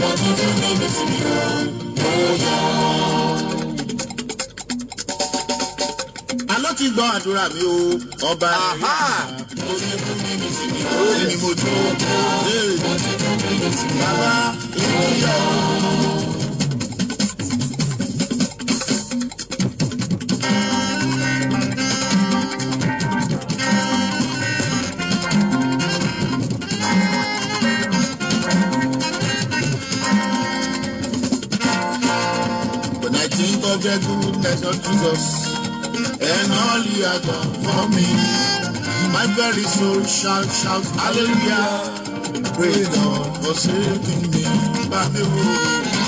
Àlọ́ ti gbọ́ àdúrà mi o, ọba àhá. Èmi mo dúró. Bàbá ìmúyọ̀. the goodness of Jesus and all you have done for me. My very soul shall shout hallelujah. Praise God for saving me.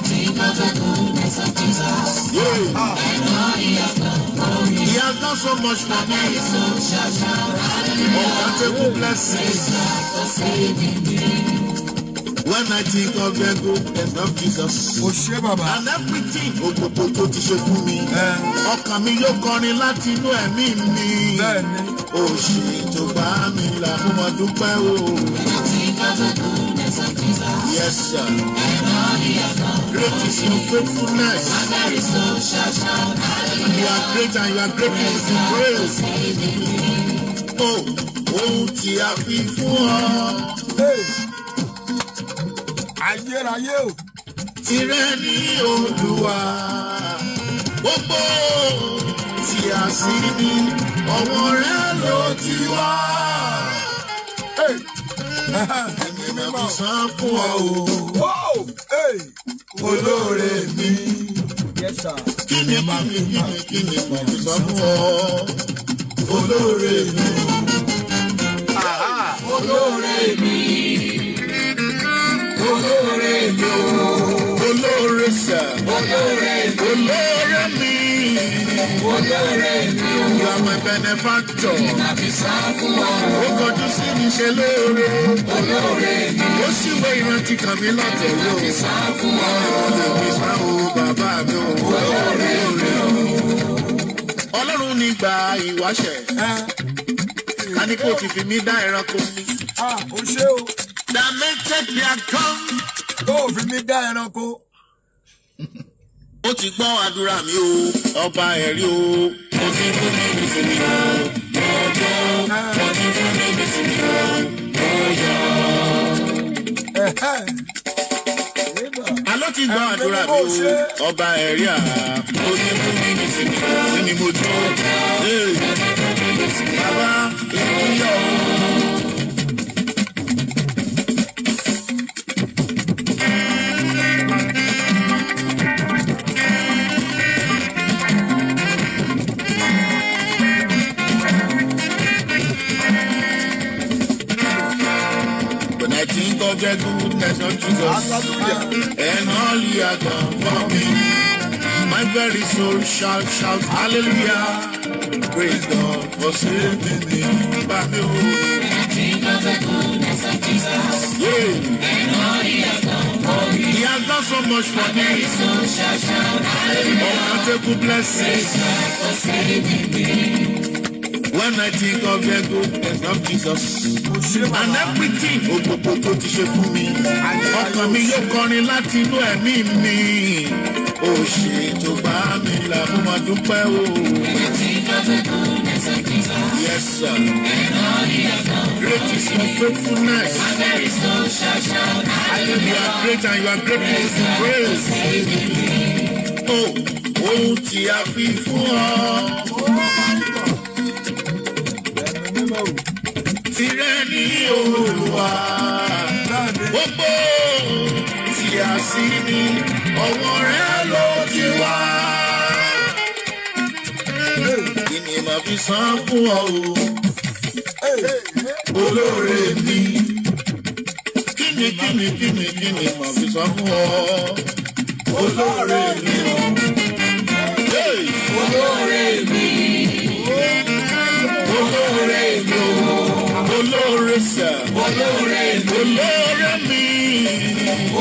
Think of the goodness of Jesus. And all he has done for me. He has done so much for me. My soul shall shout hallelujah. Oh, blessing. for saving me. When I think of the good goodness of Jesus. Mo ṣe bàbá. And everything ògbògbò tó ti ṣe fún mi. Ọkàn mi yóò kọrin láti inú ẹ̀mí mi. Bẹ́ẹ̀ni. Òṣì tó bá mi là fún wọn dúpẹ́ o. When I think of the goodness of Jesus. Yes sir. Ẹ̀rọ ìyàtọ̀. Great is your faithfulness. My very soul shall shout hallelujah. You are great and you are great in the praise. Oh, oh, tí a fi fún ọ. Hey ayérayé o. tìrẹ ni olúwa gbogbo tí a sì ní ọwọ́ rẹ ló ti wá. ẹ̀mí mímọ́ san fún ọ o olóore mi. kí ni bá mi kí ni kí ni bá mi san fún ọ olóore mi. olóore mi olóore mi o. olóore sà. olóore mi. olóore mi. olóore mi o. you are my benefactor. ìnàbí sá fún wa. ó kọjú sí mi ṣe lóore. olóore mi. ó sì wé ìrántí kan mi lọ́tọ̀ ló. ìnàbí sá fún wa. ìnàbí sá o bàbá mi o. olóore mi o. ọlọ́run ní gba ìwáṣẹ̀. Ah. a ní kó o ti fi mí dá ẹranko mi. a ah, ò ṣe o. Dàmí tẹ̀kì me a come fi mi dá ẹranko. Ó ti gbọ́ àdúrà mi o, ọba ẹ̀rí o, mo ti fún mi mi sí mi o, lọ́jọ́, mo ti fún mi mi sí mi o, lọ́jọ́. Àló ti gbọ́ àdúrà mi o, ọba ẹ̀rí à, mo ti fún mi mi sí mi o, sí mi mo dùn. Bàbá, ìlú yọ̀ o. everything go the goodness of Jesus. And all He has done for me. My very soul shall shout hallelujah. Praise God for saving me. Back me the goodness of Jesus. Yeah. he has done so much for me. Oh, very soul shall shout Praise God for saving me. When I think of the goodness of Jesus and everything ògbògbò tó ti ṣe fún mi ọkàn mi yóò kọrin láti inú ẹ̀mí mi ó ṣe tó bá mi là mo máa dúpẹ́ o. Yes, sir. Great is your faithfulness. And you are great and you are great, to praise. Oh, oh, tí a fi mọ̀ o. tirẹ̀ ni Olúwa gbogbo tí a sì ní ọwọ́ rẹ ló ti wá. kí ni màá fi san fún ọ o olóore mi kí ni kí ni kí ni kí ni màá fi san fún ọ olóore mi o olóore mi olóore ìlú olóore sà olóore ìlú olóore mi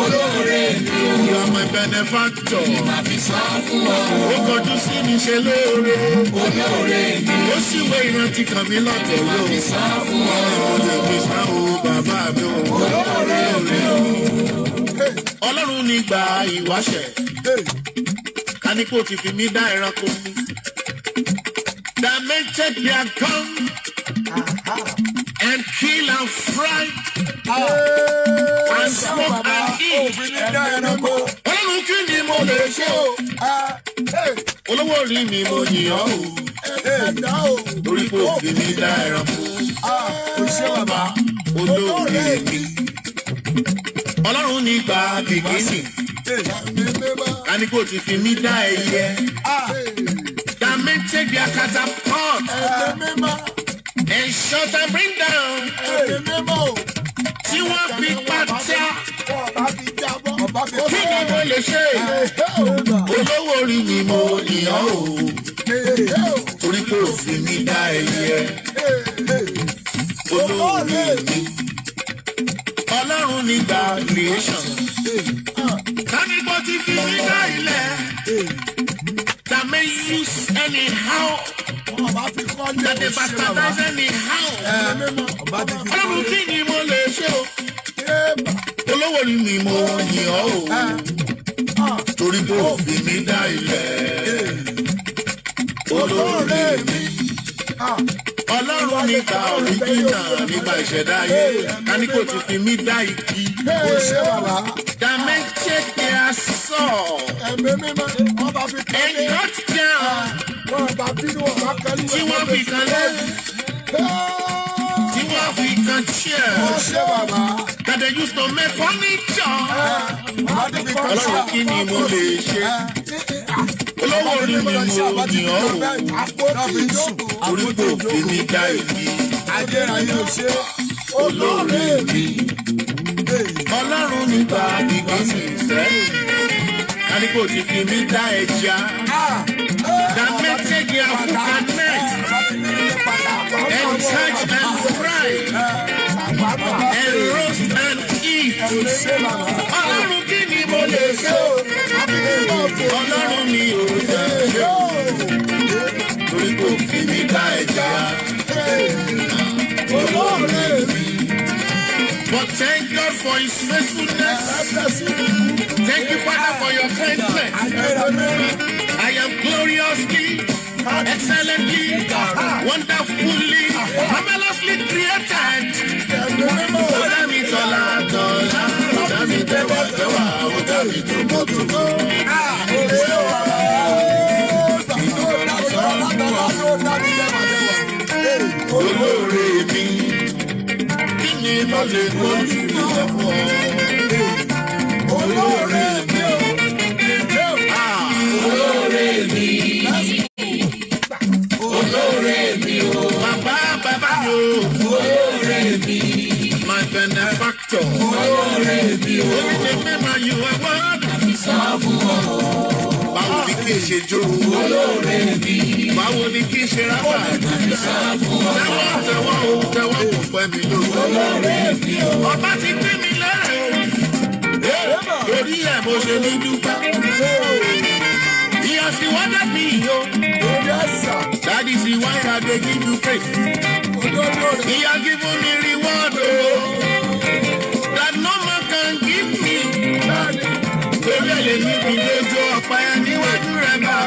olóore ìlú. You are my benefactor. Ìmàfisà fún ọ. Ó kọjú sí mi ṣe lóore. Olóore ìlú. Ó sì wé ìrántí kan mi lọ́tọ̀ lọ. Ìmàfisà fún ọ. Ọlọ́run lè fi sáwó bàbá mi o. Olóore ìlú. Ọlọ́run ní gba ìwáṣẹ̀. Ká ní kó ti fi mí dá ẹranko mi that may take their gun and kill and fry ah. and smoke ah. and eat. Olóhùn and go. mo lè ṣe o? Ah. Olówó orí mi mo yìnyàn o. Torí kò fi mi dá ẹranko. Ṣé bàbá olóore mi? Ọlọ́run ní gba bìkínì. Ká ní kò ti fi mí dá ẹyẹ that men take their catapult and shut and bring down. Tí wọ́n fi pátá. Kí ni mo lè ṣe? Olówó orí ni mo nìyàn o. Torí pé òfin mi dá ẹyẹ. Olówó orí mi. Ọlọ́run ni gba creation. Ká ti fi mí dá ilẹ̀ that may use anyhow. That they bastardize anyhow. Ọlọ́run kí ni mo lè ṣe o? Olówó ni mi mo yìn ọ́ o. Torí bó fi mi dá ilẹ̀. Olórí mi ọlọ́run ní ká òrìjìnà nígbà ìṣẹ̀dá ayé kání kò tún fi mí dá igi. ó ṣe bàbá. dàmẹ́jẹ̀kẹ́ aṣọ. ẹ̀mí mímọ́ wọ́n bá fi kẹ́lẹ́. ẹ̀yìn ọ̀tí náà. wọ́n tí wọ́n fi kan lẹ́yìn. African chairs oh, that they used to make furniture. Eh, Ọlọ́run kí ni mo lè eh, ṣe? Eh, Olówó orí mi mo ní ọ̀hún. Orí kò mi dá ìdí. olóore mi. Ọlọ́run nígbà ìgbà sí sẹ́yìn. Tani ti fi mi dá ẹja? Dá mẹ́tẹ́gì àfúkà náà. And ẹ̀rọ and eat. ọlọ́run kí ni mo lè ṣe o ọlọ́run mi ò lè ṣe o torí kò fi mí ká ẹja olóore mi. But thank God for his faithfulness. Thank you, Father, for your kindness. I am gloriously, excellently, wonderfully. lè gbójú mi ọ̀pọ̀. Olóore mi o. Olóore mi. Olóore mi o. Bàbá bàbá mi o. kì í ṣe jó. olóore mi. báwo ni kì í ṣe rábà. tẹ́wọ́ tẹ́wọ́ o tẹ́wọ́ kò pẹ́ mi ló. olóore mi o. ọba ti gbé mi lẹ́rẹ̀ o. torí ẹ̀ mo ṣe ní dúpẹ́. ìyá sì wá dé mi o. dádì sì wá ya dé gíjú pé. ìyá kí fún mi rí wọ́ọ̀dù o. that no man can give me. torí ẹ̀ lè ní ìdílé jó ọ̀pá ẹ̀.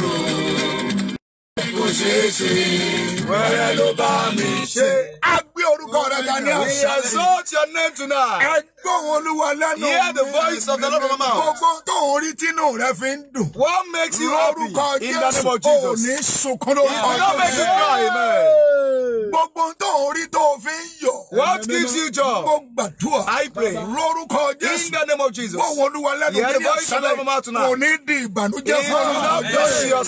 kòrò kò ṣeé ṣe wẹ́rẹ́ ló bá mi ṣe. a gbé orúkọ rẹ̀ dání àṣà. we exalt your name tonight. Gbóhùn Olúwa lẹ́nu mi. Hear the voice of the Lord from my mouth. Gbogbo tóun rí tínú rẹ fi ń dùn. What makes you happy in the name of Jesus? Lórúkọ Jésù, ní sunkún lórúkọ Jésù. you cry, amen. Gbogbo tóun rí tó fi ń yọ. What gives you joy? Mo gbàdúrà. I pray. Lórúkọ Jésù. In the name of Jesus. Gbóhùn Olúwa lẹ́nu mi. Hear the voice the Lord from my mouth tonight. Kò ní di ìbànújẹ́ fún ọ. It will not be your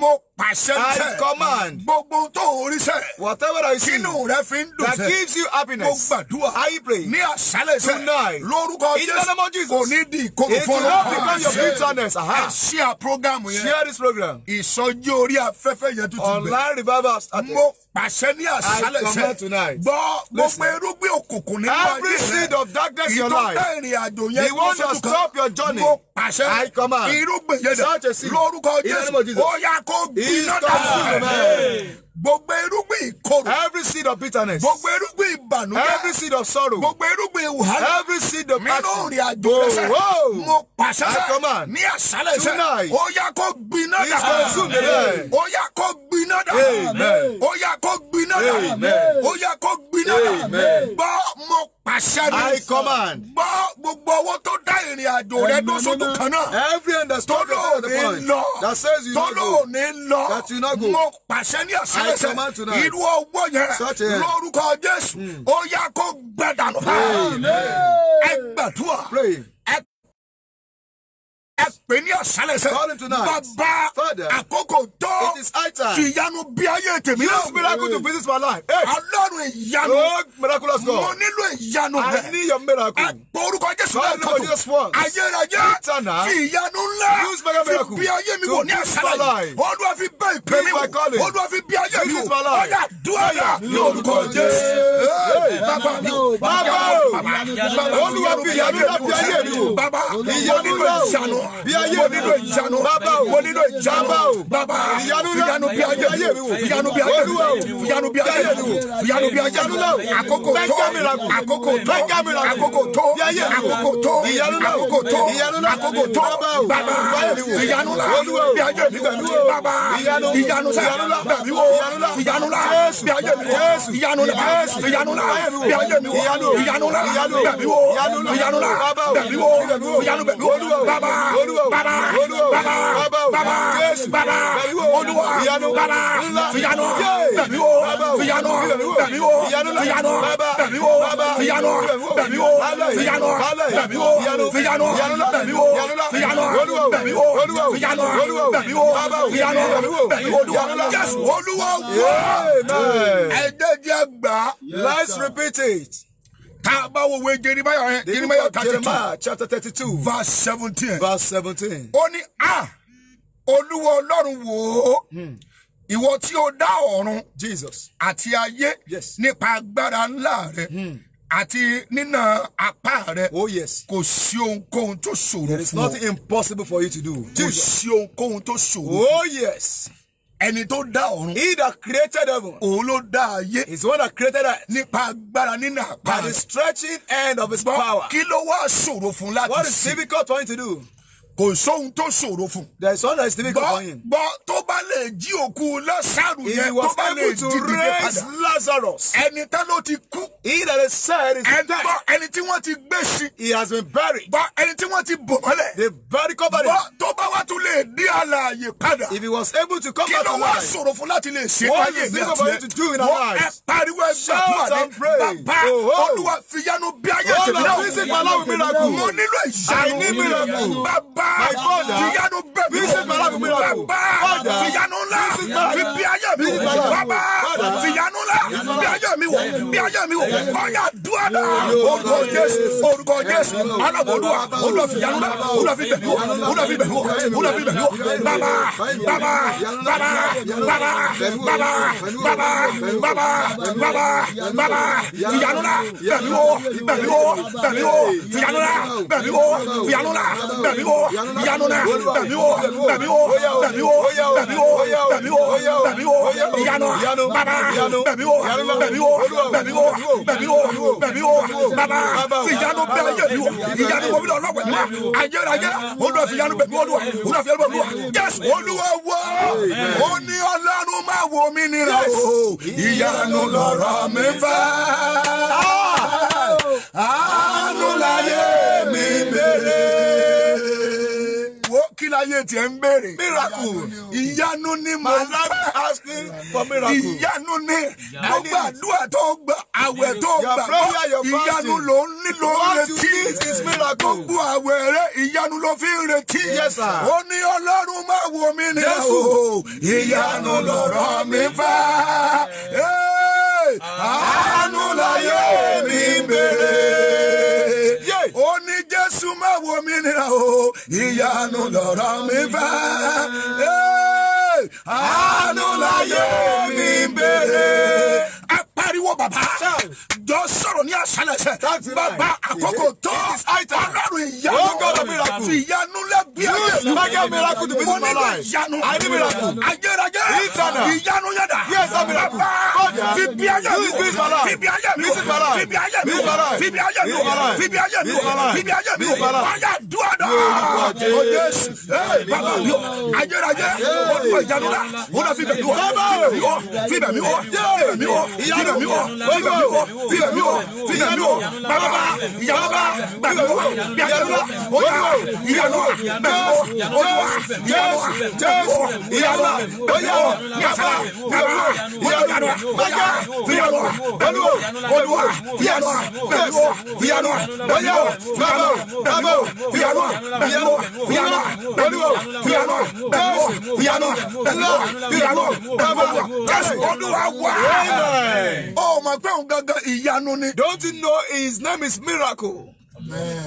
Mo pàṣẹ tẹ. Gbogbo tóun rí sẹ́. Whatever I see. Kínú rẹ fi ń dùn sẹ́. That gives you happiness. Mo gbàdúrà. I pray. Ní àṣálẹ̀ sẹ́ tonight. lórúkọ jésù kò ní di ìkorò fún ọlọ́run. ẹ ṣí à program yẹn. share this program. ìsọjí orí afẹ́fẹ́ yẹn tuntun bẹ̀. online revival started pàṣẹ ní àṣálẹ̀ṣẹ̀ gbọ́ gbogbo irúgbìn òkùnkùn nínú ayé rẹ every seed of darkness in your life ìtọ́ka ìrìn àjò yẹn kó sọ́dún kan stop your journey mo pàṣẹ irúgbìn yẹn dẹ̀ lórúkọ Jésù ó yá kó gbiná dànù gbogbo irúgbìn ìkorò. every seed of bitterness. gbogbo irúgbìn ìbànújẹ́. every seed of sorrow. gbogbo irúgbìn ìwàhálà. every seed of passion. nínú ìrìn àjò rẹ mo pàṣẹ sẹ ní àṣálẹ́ sẹ ó yá kó gbiná dànù ó yá kó gbiná dànù ó yá kó gbiná dà ó yẹ kó gbiná dà gbọ́ mo pàṣẹ ní gbọ́ gbogbo owó tó dá ìrìn àjò rẹ tó sódù kan náà tọ́lọ̀ ò ní lọ tọ́lọ̀ ò ní lọ mo pàṣẹ ní àṣẹlẹsẹ irú owó yẹn lórúkọ Jésù hmm. ó yẹ kó gbẹdànù ẹ gbàdúrà ẹ pè ní ọ̀sálẹ̀sẹ̀ bàbá àkókò tó ti ìyanu bí ayé tèmi náà. use miracle to visit my life. ọlọ́run ìyanu oh, mo nílò ìyanu rẹ. I need your miracle. àpò orúkọ jésù náà kọ́tù ayérayé fi ìyanu ńlá fi bí ayé mi wò ní àṣálẹ̀ olúwa fi bẹ́ ìpè mi wò olúwa fi bí ayé mi wò ọ̀yà dúró ní orúkọ jésù. bàbá mi bàbá olúwa fi ìyanu ńlá bí ayé mi wò ìyanu ńlá o bí ayé mo nílò ìjánu bàbá o mo nílò ìjánu bàbá ìyanu ìyanu bí ayé mi wò ìyanu bí ayé mi wò ìyanu bí ayé mi wò ìyanu bí ayé mi wò àkókò tó àkókò tó àkókò tó àkókò tó ìyanu náà àkókò tó àkókò tó bàbá ìyanu náà bí ayé mi wò bàbá ìyanu náà bí wò ìyanu náà bí ayé mi wò ìyanu náà ìyanu náà bí ayé mi wò ìyanu náà bí wò ìyanu náà bí wò ìyanu náà bí wò bàbá olúwa bàbá olúwa bàbá bàbá jésù bàbá olúwa ìyanu bàbá fìyanu bẹ̀mí o fìyanu bẹ̀mí o fìyanu bẹ̀mí o fìyanu bẹ̀mí o fìyanu bẹ̀mí o fìyanu bẹ̀mí o fìyanu bẹ̀mí o fìyanu bẹ̀mí o fìyanu bẹ̀mí o jésù olúwa wò. ẹ jẹ́ jẹ́ gbà let's repeat it tá a bá yẹn Jeremáyà thirty two chapter thirty two verse seventeen verse seventeen ó ní a olúwa ọlọ́run wò ó hmm. ìwọ tí o dá ọ̀run Jesus àti ayé yes nípa agbára ńlá rẹ. Hmm àti nínà apá rẹ. oh yes. kò sí ohunkóhun tó ṣòro fún ọ. there is nothing impossible for you to do. kò sí ohunkóhun tó ṣòro. oh yes ẹni tó dá ọ̀run. he that created heaven. òun ló dá ayé. he the one that created us. nípa agbára nínú àpá. by the stretching end of his power. kí ló wá ṣòro fún láti ṣe. what is difficult for him to do kò sóhun tó ṣòro fún. there is one estimate of onion. tó bá lè jí òkú Lásárù yẹn tó bá lè jí dìde padà ẹni tá ló ti kú. he that is said is dead. bọ́ ẹni tí wọ́n ti gbé sí. he has been buried. bọ́ ẹni tí wọ́n ti bò mọ́lẹ̀. they bury covered him. tó bá wá tún lè dé àlàyé padà. if he was able to come back to life. kí ló wá ṣòro fún láti lè ṣe láyé ìyá what is difficult to do in our lives. wọ́n ẹ pariwo ẹgbẹ́ àtúwà ní bàbá olúwa fìyanu bí ayé tèmi bàbá tìyanu bẹbí bàbá tìyanu ńlá fi bí ayé mi wò bàbá tìyanu ńlá bí ayé mi wò bí ayé mi wò ọyà dúà náà orúkọ Jésù orúkọ Jésù alábòdúà olúwa fìyanu ńlá olúwa fi bẹbí wò olúwa fi bẹbí wò olúwa fi bẹbí wò bàbá bàbá bàbá bàbá bàbá bàbá ìyanu náà tẹ̀mí wo tẹ̀mí wo tẹ̀mí wo tẹ̀mí wo tẹ̀mí wo tẹ̀mí wo ìyanu bàbá tẹ̀mí wo tẹ̀mí wo tẹ̀mí wo tẹ̀mí wo tẹ̀mí wo bàbá sí ìyanu bẹ́ẹ̀ yẹ̀ mi ìyanu wo mi lọ́wọ́ ìlú àjẹrẹ àjẹrẹ olùwà fi ìyanu bẹ̀mí olùwà olùwà fi ìyanu bẹ̀mí olùwà jésù olúwa wo ó ní ọlọ́run máa wo mi nira o ìyanu lọ̀rọ̀ mi fẹ́ àánú láyé mi bèrè kí láyé tiẹ̀ ń béèrè. miracle ìyanu ni mo love asking for miracle. ìyanu ni gbogbo àdúrà tó gbà àwẹ̀ tó gbà ìyanu ló ń nílò retí. gbogbo àwẹ̀ rẹ ìyanu ló fi ń retí. ó ní ọlọ́run máa wo mi ní o. ìyanu lọ̀rọ̀ mi fà. àánú láyé mi béèrè ojú má wo mi nìran o ìyanu lọ̀rọ̀ mi fẹ́. àánú láyé mi béèrè pariwo baba jọ sọ̀rọ̀ ní àṣálẹ́ sẹ baba àkókò tó Ọlọ́run ìyanu fi oh Use mega miracle to visit my life. I need miracle. Ajẹ́rajẹ́. Ìtànà. Ìyanu yẹ̀dà. Yes, I'm miracle. Bàbá fi bí ayé mi wò. Fi bí ayé mi wò. Fi bí ayé mi wò. Fi bí ayé mi wò. Fi bí ayé mi wò. Fi bí ayé mi wò. Báyà dúró dọ̀. O Jésù. Bàbá mi wò. Ajẹ́rajẹ́. O dùn ìyanu la. O dà fi bẹ̀ mi wò. Fi bẹ̀ mi wò. Fi bẹ̀ mi wò. Fi bẹ̀ mi wò. Fi bẹ̀ mi wò. Fi bẹ̀ mi wò. Fi bẹ̀ mi wò. Bàbá ìyanu bá. Bàbá ìyanu bá. Bí ayé mi wò. O yà ìyanu bá. Oh, my crown gaga ìyanu ni. Don't you know his name is miracle?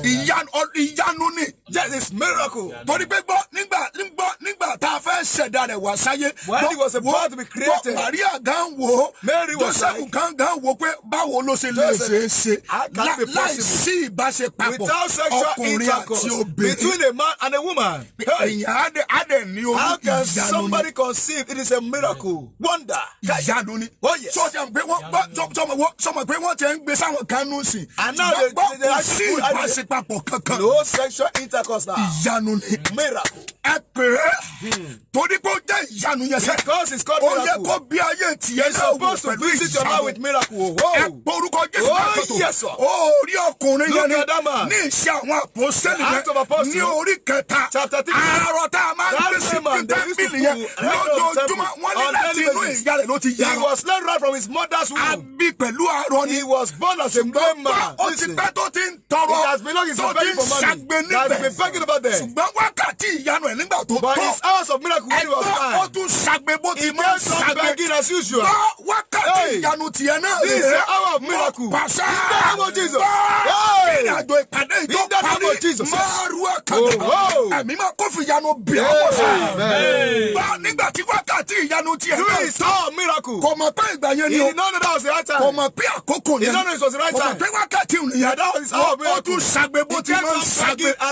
Ìyanu ni there is miracle torí pé gbọ́ nígbà nígbọ́ nígbà tá a fẹ́ ṣẹ̀dá rẹ̀ wá sáyé wọ́n Maria gan wo Joseph gan gan wo pé báwo ló ṣe lè ṣe é see, láì sí ìbáṣepapọ̀ ọkùnrin àti obìnrin between a man and a woman. ìyá how can somebody conceive it is a miracle wonder. ìyanu oh yes. sọ́jà pé wọ́n gbọ́ sọ́mọ pé wọ́n ti ń gbé sáwọn kanú sí. and now they they are still ìbáṣepapọ̀ kankan. no sexual inter miracles now. ìyanu ni. miracle. ẹ pè é. Hmm. torí pé ó jẹ́ ìyanu yẹn sẹ́. because it's called miracle. ó yẹ kó bí ayé tiẹ̀ náà wò pẹ̀lú ìyanu. Oh, oh. ẹ porúkọ jésù náà oh, kòtò. ó rí ọkùnrin yẹn ni ní iṣẹ́ àwọn àpòsílẹ̀ yẹn ní orí kẹta. àárọ̀ tá a máa ń gbé sí pítámìlì yẹn lójoojúmọ́ wọ́n ní láti inú ìyá ló ti yára. he was led right from his mother's womb. a pẹ̀lú àárọ̀ ni. he was born as a great man. ó ti pẹ́ tó ti ń tọrọ. he has been long since he I'm talking about them. ṣùgbọ́n wákàtí ìyanu ẹ̀ nígbà tó tọ́. but his hours of miracle really was fine. ẹgbẹ́ ó tún ṣàgbé ti máa ṣàgbé. he kept on begging as usual. bá wákàtí ìyanu tiẹ̀ náà this is the hour of miracle. pàṣẹ in the of Jesus. bá ìrìnàjò ìpàdé ìjọ parí máa ru ẹ̀ka ẹ̀mí máa kó fi ìyanu bí ọwọ́ sọ. bá nígbà wákàtí ìyanu tiẹ̀ náà. do his hour of miracle. kò mọ̀ pé ìgbà yẹn ni o. he know that was the right time. kò he know that was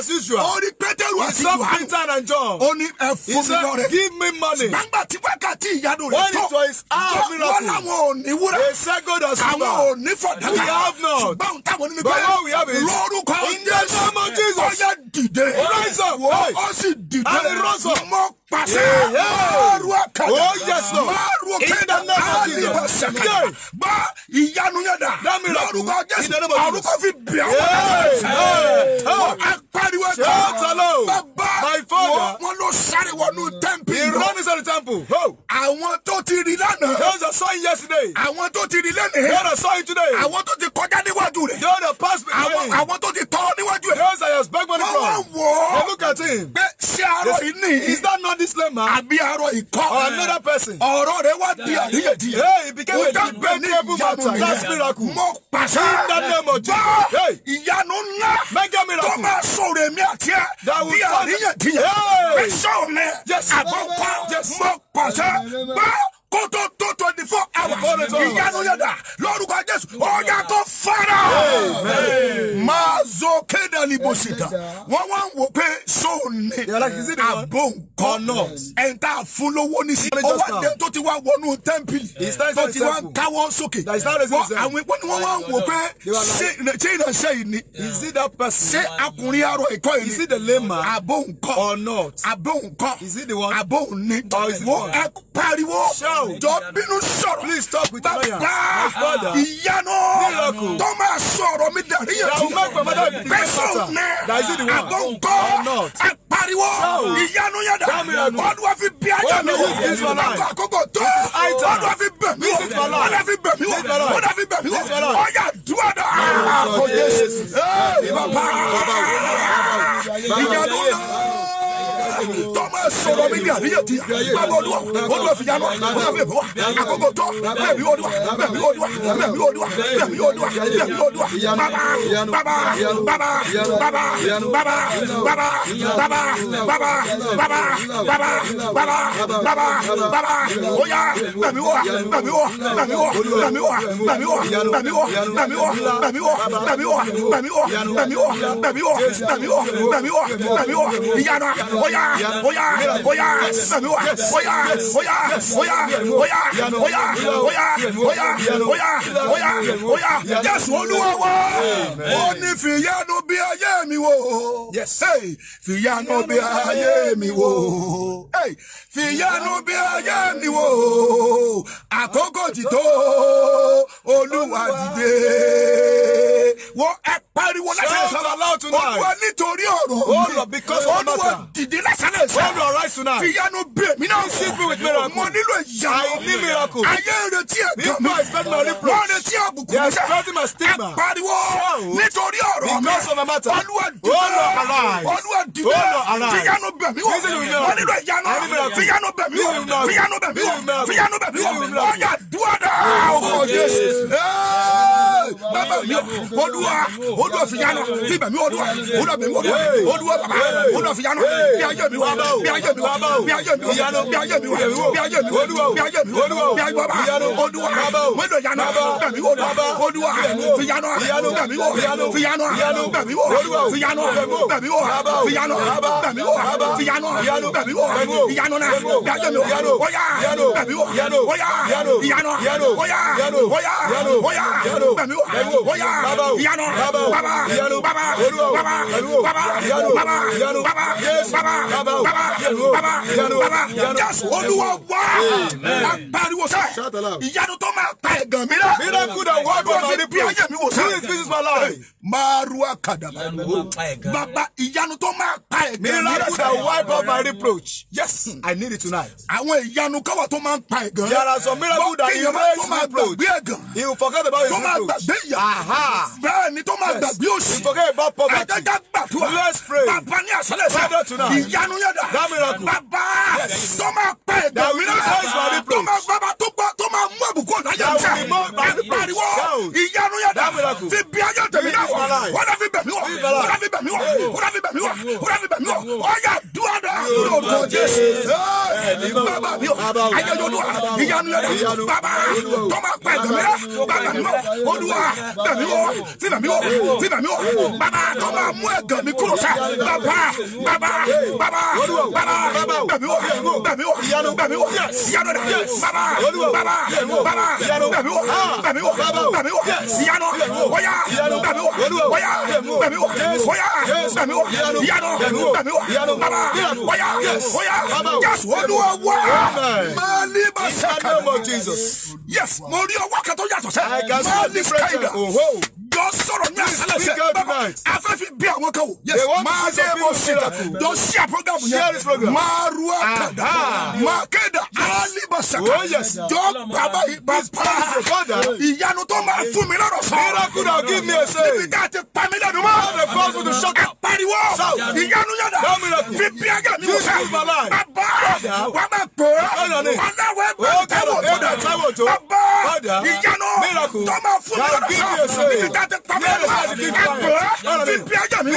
the right joshua. ó ní pétérù àti johannu. he saw peter and john. ó ní ẹ fún mi lọ́rẹ. he said give me money. gbàgbà tí wákàtí ìyanu rẹ tó. when it was our miracle. wọ́n làwọn ò ní wúrà. they said gold and silver. àwọn ò ní fọ̀dà. we have not. ṣùgbọ́n táwọn onímọ̀ bẹ́ẹ̀. but what we have is. lórúkọ. in the name of jesus. ó dìde. rise up. ó dìde. and rise up. Basa, Marua Kada, oh yes, Lord, Marua Kada, Ali Basaka, Ba, Iyanu Yada, Maruka, yes, Maruka fi bia, Àwọn tó ti rí lánàá. Those that saw you yesterday. Àwọn tó ti rí lónìí. Those that saw you today. Àwọn tó ti kọjá níwájú rẹ̀. Those that passed by. Àwọn tó ti tọ́ níwájú rẹ̀. Those that you expect money from. Wọ́n wọ̀ ọ́. They look at Pé ṣé arọ yìí nìyí? Is that not this ah. lame àbí arọ ikọ́. or another person. ọ̀rọ̀ rẹ wá di àríyànjiyàn. hey it became a terrible matter. that's miracle. mo pàṣẹ. in the name of Jesus. Ah, ìyanu ńlá. mega miracle. tó máa sọ̀rọ̀ èmi àti ẹ. di àríyànjiyàn. hey bẹ́sẹ̀ ò ní. yes àbọ̀ pa. yes mo pàṣẹ. bá kó tó twenty four hours ìyanu yẹ̀dá lórúkọ jésù ọ̀yà kó fara máa zo kéde níbo síta wọ́n wá wò pé sóun ni àbò nǹkan ẹ̀ń tá a fún lówó ní sí ọwọ́ àdé tó ti wá wọnú tẹ́ḿpìlì tó ti wá ń káwọ́ sókè àwọn ìpín ni wọ́n wá ń wò pé ṣé ìránṣẹ́ yìí ni ṣé akùnrin arọ ìkọ́ yìí ni àbò nǹkan àbò nǹkan àbò ní wọ́n ẹ̀kọ́ pariwo jọ bínú sọ̀rọ̀ bàbá ìyanu tó máa sọ̀rọ̀ mi dàrí yẹn tu pẹ̀sùn nẹ àgọ́ńkọ́ àpariwo ìyanu yẹn dà ọdún fi bí ayé mi wò àkọ́ àkókò tó ọdún fi bẹ̀ mí wò ọdún fi bẹ̀ mí wò ọdún fi bẹ̀ mí wò ọyà dúró dà àkọ́ Jésù bàbá ìyanu náà sọ̀rọ̀ mi ní àríyànjiyà báwo olúwa olúwa fi yanu olúwa fi èbó wa àkókò tó bẹ̀mí olúwa bẹ̀mí olúwa bẹ̀mí olúwa bẹ̀mí olúwa bẹ̀mí olúwa bàbá bàbá bàbá bàbá bàbá bàbá bàbá bàbá bàbá bàbá bàbá bàbá bàbá oya bẹ̀mí wa bẹ̀mí wa bẹ̀mí wa bẹ̀mí wa bẹ̀mí wa bẹ̀mí wa bẹ̀mí wa bẹ̀mí wa bẹ̀mí wa bẹ̀mí wa bẹ̀mí wa bẹ̀mí wa bẹ̀mí wa bẹ̀mí wa bẹ̀mí wa ìyanu oya oya oya oya oya oya oya oya oya oya oya oya oya oya Jésù Olúwa wa ó ní fìyanu bí ayé mi wò fìyanu bí ayé mi wò fìyanu bí ayé mi wò àkókò ti tó Olúwa dìde wọ́n ẹ pariwo lásán olúwa nítorí ọ̀rọ̀ mi olúwa dìde lásán lẹ́sẹ̀ to arise tonight. Fìyanu bè mí náà. Receive me with miracle. Mo nílò ìyanu. I need miracle. Ayé ìrètí ẹ̀gbọ́n mi. People expect my àbùkù mi. They are expecting my stigma. Ẹ pariwo. Nítorí ọ̀rọ̀ mi. Because of my matter. Olúwa dìde. Olúwa arise. Olúwa dìde. Olúwa arise. Fìyanu wò. Mo nílò ìyanu. Fìyanu bè mí wò. Fìyanu bè mí wò. Fìyanu bẹ̀ mí wò. Ọ̀yà dúró dáa. Ọ̀gbọ̀n Jésù bàbá mi olúwa olúwa fi yánà fi bẹ̀mí olúwa olúwa bẹ̀mí olúwa olúwa bàbá olúwa fi yánà bí ayé mi wá bí ayé mi wá bí ayé mi wá bí ayé mi wá bí ayé mi olúwa bí ayé mi olúwa bí ayé bàbá olúwa mélòó yánà bẹ̀mí olúwa olúwa fi yánà bẹ̀mí wò fi yánà bẹ̀mí wò fi yánà bẹ̀mí wò fi yánà bẹ̀mí wò fi yánà bẹ̀mí wò yánà náà bí ayé mi wò wọ́yà bẹ̀mí wò wọ́yà yánà wọ́yà wọ́yà wọ́yà bẹ̀mí wò bóyá ìyanu baba baba baba baba baba baba baba apariwo sẹ ìyanu tó máa ta ẹ̀gàn mi rẹ tó bí ayé mi wò sẹ maruwa kadama baba ìyanu tó máa ta ẹ̀gàn mi rẹ. miracle that wipe out my reproach. yes i need it tonight. àwọn ìyanu káwa tó máa ń pa ẹ̀gàn. there are that erase my reproach. he will forget about his reproach gbàgbé ìyà. bẹ́ẹ̀ ni tó máa gbàgbé òṣì. ẹ jẹ́ ká gbàdúrà. bàbá ní àṣálẹ̀ sẹ́. ìyanu yẹn dà. bàbá tó máa pa ẹ̀dá mi náà. tó máa bàbá tó gbọ́ tó máa mú àbùkù ọ̀nà yẹn ká. ẹni pariwo ìyanu yẹn dà. fi bí ayé tèmi náà wọ̀. wọ́n dà fi bẹ̀mí wọ̀. fi bẹ̀mí wọ̀. wọ́n dà fi bẹ̀mí wọ̀. wọ́n dà dúró wá bẹ̀mí wò tí bẹ̀mí wò tí bẹ̀mí wò mú ẹ̀gàn mi kúrò sẹ́ bàbá bàbá bàbá bàbá bẹ̀mí wò bẹ̀mí wò bẹ̀mí wò ìyanu dẹ bàbá bàbá bàbá bẹ̀mí wò bẹ̀mí wò bẹ̀mí wò ìyanu wọ́yà bẹ̀mí wò wọ́yà bẹ̀mí wò wọ́yà bẹ̀mí wò ìyanu bẹ̀mí wò bàbá wọ́yà wọ́yà jésù olúwa wá máa ní bá yes mo rí ọwọ́ kan tó yàtọ̀ sẹ́ máa kaida jọ sọ̀rọ̀ ní àsálẹ̀sẹ̀ bàbá afẹ́fẹ́ bí àwọn kan wò máa dé bó ṣìta jọ sí àpọ́gàmù yẹn máa ru àkàdá ah, máa kéda alíbà sàkà jọ bàbá ìbàbà ìyanu tó máa fún mi lọ́rọ̀ sọ níbi tá a ti pa mí lẹ́nu mọ́ ẹ pariwo ìyanu yàrá fi bí ẹgẹ mi wò sá bàbá wà á bá pò ó ọ̀nà wẹ̀ bẹ́ẹ̀ tẹ́wọ̀ oh, tó dà òjò ọ̀dà miracle yàrá bí mi ò ṣe èyí mi ò ṣe àdìgí nípa yẹn ti bí ajá mi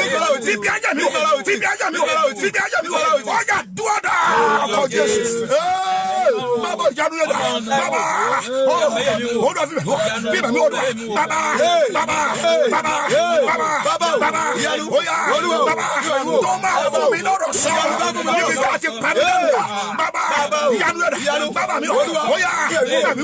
ti bí ajá mi ti bí ajá mi ti bí ajá mi ọjà dúọ̀dà ọkọ̀ Jésù bàbá ìjánu yẹn dà bàbá ó dọ̀ fífẹ̀ fífẹ̀ mi ó dọ̀ bàbá bàbá bàbá bàbá bàbá oya bàbá tó máa fún mi lọ́dọ̀ sọ̀rọ̀ níbi tí a ti pàdé bàbá ìjánu yẹn dà bàbá mi ó dọ̀ oya bàbá mi. Oh,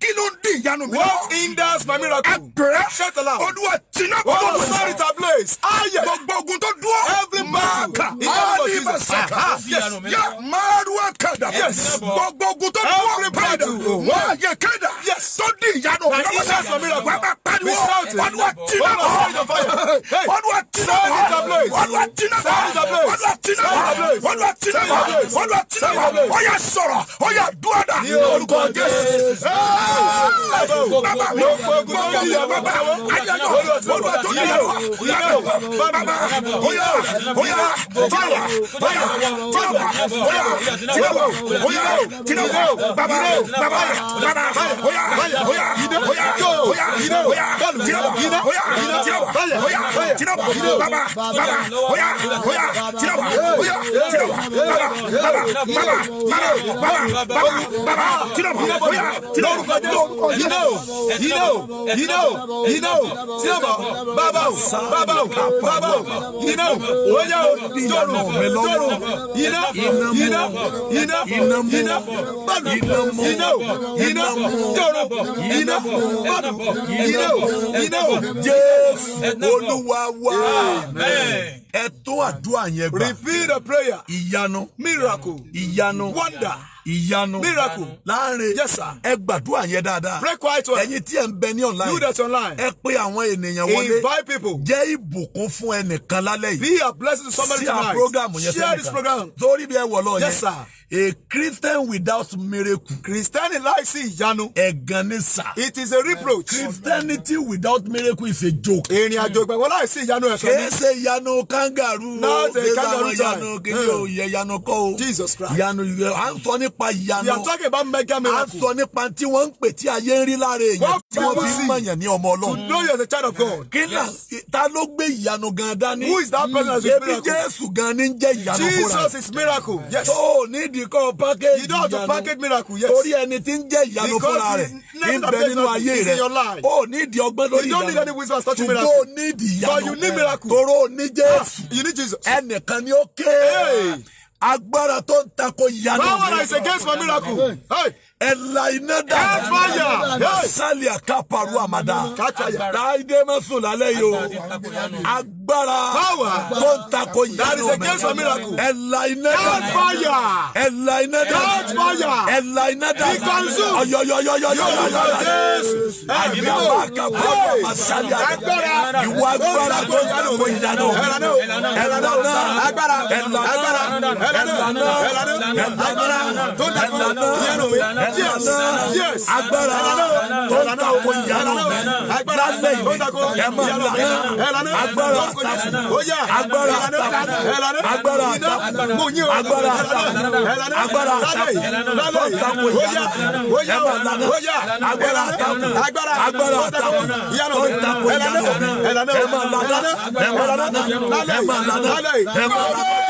kí ló ń dín ìyanu mi what hinders my miracle. àgbẹ̀ shut the loud. olúwa jìnnà gbogbo ogun. what sorry ta place. ayẹ gbogbo ogun tó dúró. every maka ali masaka. yẹ maruwa kada. gbogbo ogun tó dúró. kada wọ́n yẹ kada. tó dín ìyanu mi lọ. wọ́n bá pariwo. olúwa jìnnà gbogbo. olúwa jìnnà gbogbo. olúwa jìnnà gbogbo. olúwa jìnnà gbogbo. olúwa jìnnà gbogbo. olúwa jìnnà gbogbo. ó yá sọ̀rọ̀ ó yá dúró dà. ní orúkọ jésù gbogbo ìyá bàbá ayẹyẹ olùwà tó ní yàrá bàbá oyà oyà fáyà fáyà fáyà oyà tìlọwọ oyà tìlọwọ bàbá bàbá bàbá oyà oyà oyà oyà oyà tìlọwọ oyà tìlọwọ oyà tìlọwọ bàbá bàbá oyà oyà tìlọwọ oyà tìlọwọ bàbá bàbá bàbá bàbá bàbá bàbá tìlọwọ oyà tìlọwọ lórúkọ Jésù yìí náà yìí náà yìí náà tí ó bọ̀ bàbá o bàbá o bàbá o yìí náà ó yá o jòrò jòrò yìí náà yìí náà yìí náà yìí náà bàlù yìí náà yìí náà jòrò Amen ẹ tún àdúrà yẹn gbà. repeat the prayer. ìyanu. miracle. ìyanu. wonder ìyanu miracle láàrin yes sir ẹ gbàdúrà yẹn dáadáa pray quiet well ẹ̀yin tí ẹ ń bẹ ní online do that online ẹ pè àwọn ènìyàn wọlé invite people jẹ́ ìbùkún fún ẹnìkan lálẹ́ yìí be a blessing to somebody tonight share program yẹn share this program torí bí ẹ wọ̀ lọ yẹn yes sir a christian without miracle Christianity láìsí ìyanu ẹ̀gàn ni it is a reproach christianity without miracle is a joke ìrìn àjò ìgbàgbọ́ láìsí ìyanu ẹ̀kan ni kì ṣe ìyanu ká kangaroo. not a yanu kini o yẹ yanu kọ o. Jesus Christ. yanu yẹ à ń sọ nípa yanu. we are sọ nípa tí wọ́n ń pè tí ayé ń rí lára èèyàn tí wọ́n fi ń mọ̀yàn ní ọmọ Ọlọ́run. kí ni ta ló gbé yanu gan dání. who ebi Jésù gan ni ń jẹ́ yanu fúnra. Jesus tó o ní ìdíkọ̀ package yanu. torí ẹni tí ń jẹ́ yanu fúnra rẹ̀ ń bẹ nínú ayé rẹ̀. o ní ìdí ọgbọ́n lórí ìyanu. you o ní ìdí ìyanu. but you toro ní Jésù. Ah. Jesus. You need Jesus. Ẹnìkan ni ó ké. Agbára tó ń tako Power is against my miracle. Hey ẹ̀la iná dà sálì àkàpàrọ̀ àmàdà ráìdé mẹ́sùn lálẹ́ yìí o agbára tó ń against ìyanu mẹ. ẹ̀la iná dànù. ẹ̀la iná dànù. ẹ̀la iná dànù. ọ̀yọ̀yọ̀yọ̀yọ̀yọ̀yọ̀. àyìnbá ka bọ́ masali àgbà. ìwọ agbára tó ń tako ìyanu. ẹ̀la náà. agbára. ẹ̀la náà. ẹ̀la náà. ẹ̀la náà. tó ń tako ìyanu mẹ. ẹ̀la náà. agbára tó ń tako ìyanu mẹ. agbára tó ń tako ìyanu mẹ. agbára Agbara, agbára Agbara, agbára Agbara, tọ́tako Agbara, oya Agbara, agbára Agbara, agbára Agbara, yanu Agbara, ma Agbara, ẹ Agbara, lana Agbara, ma Agbara, ẹ ma lana.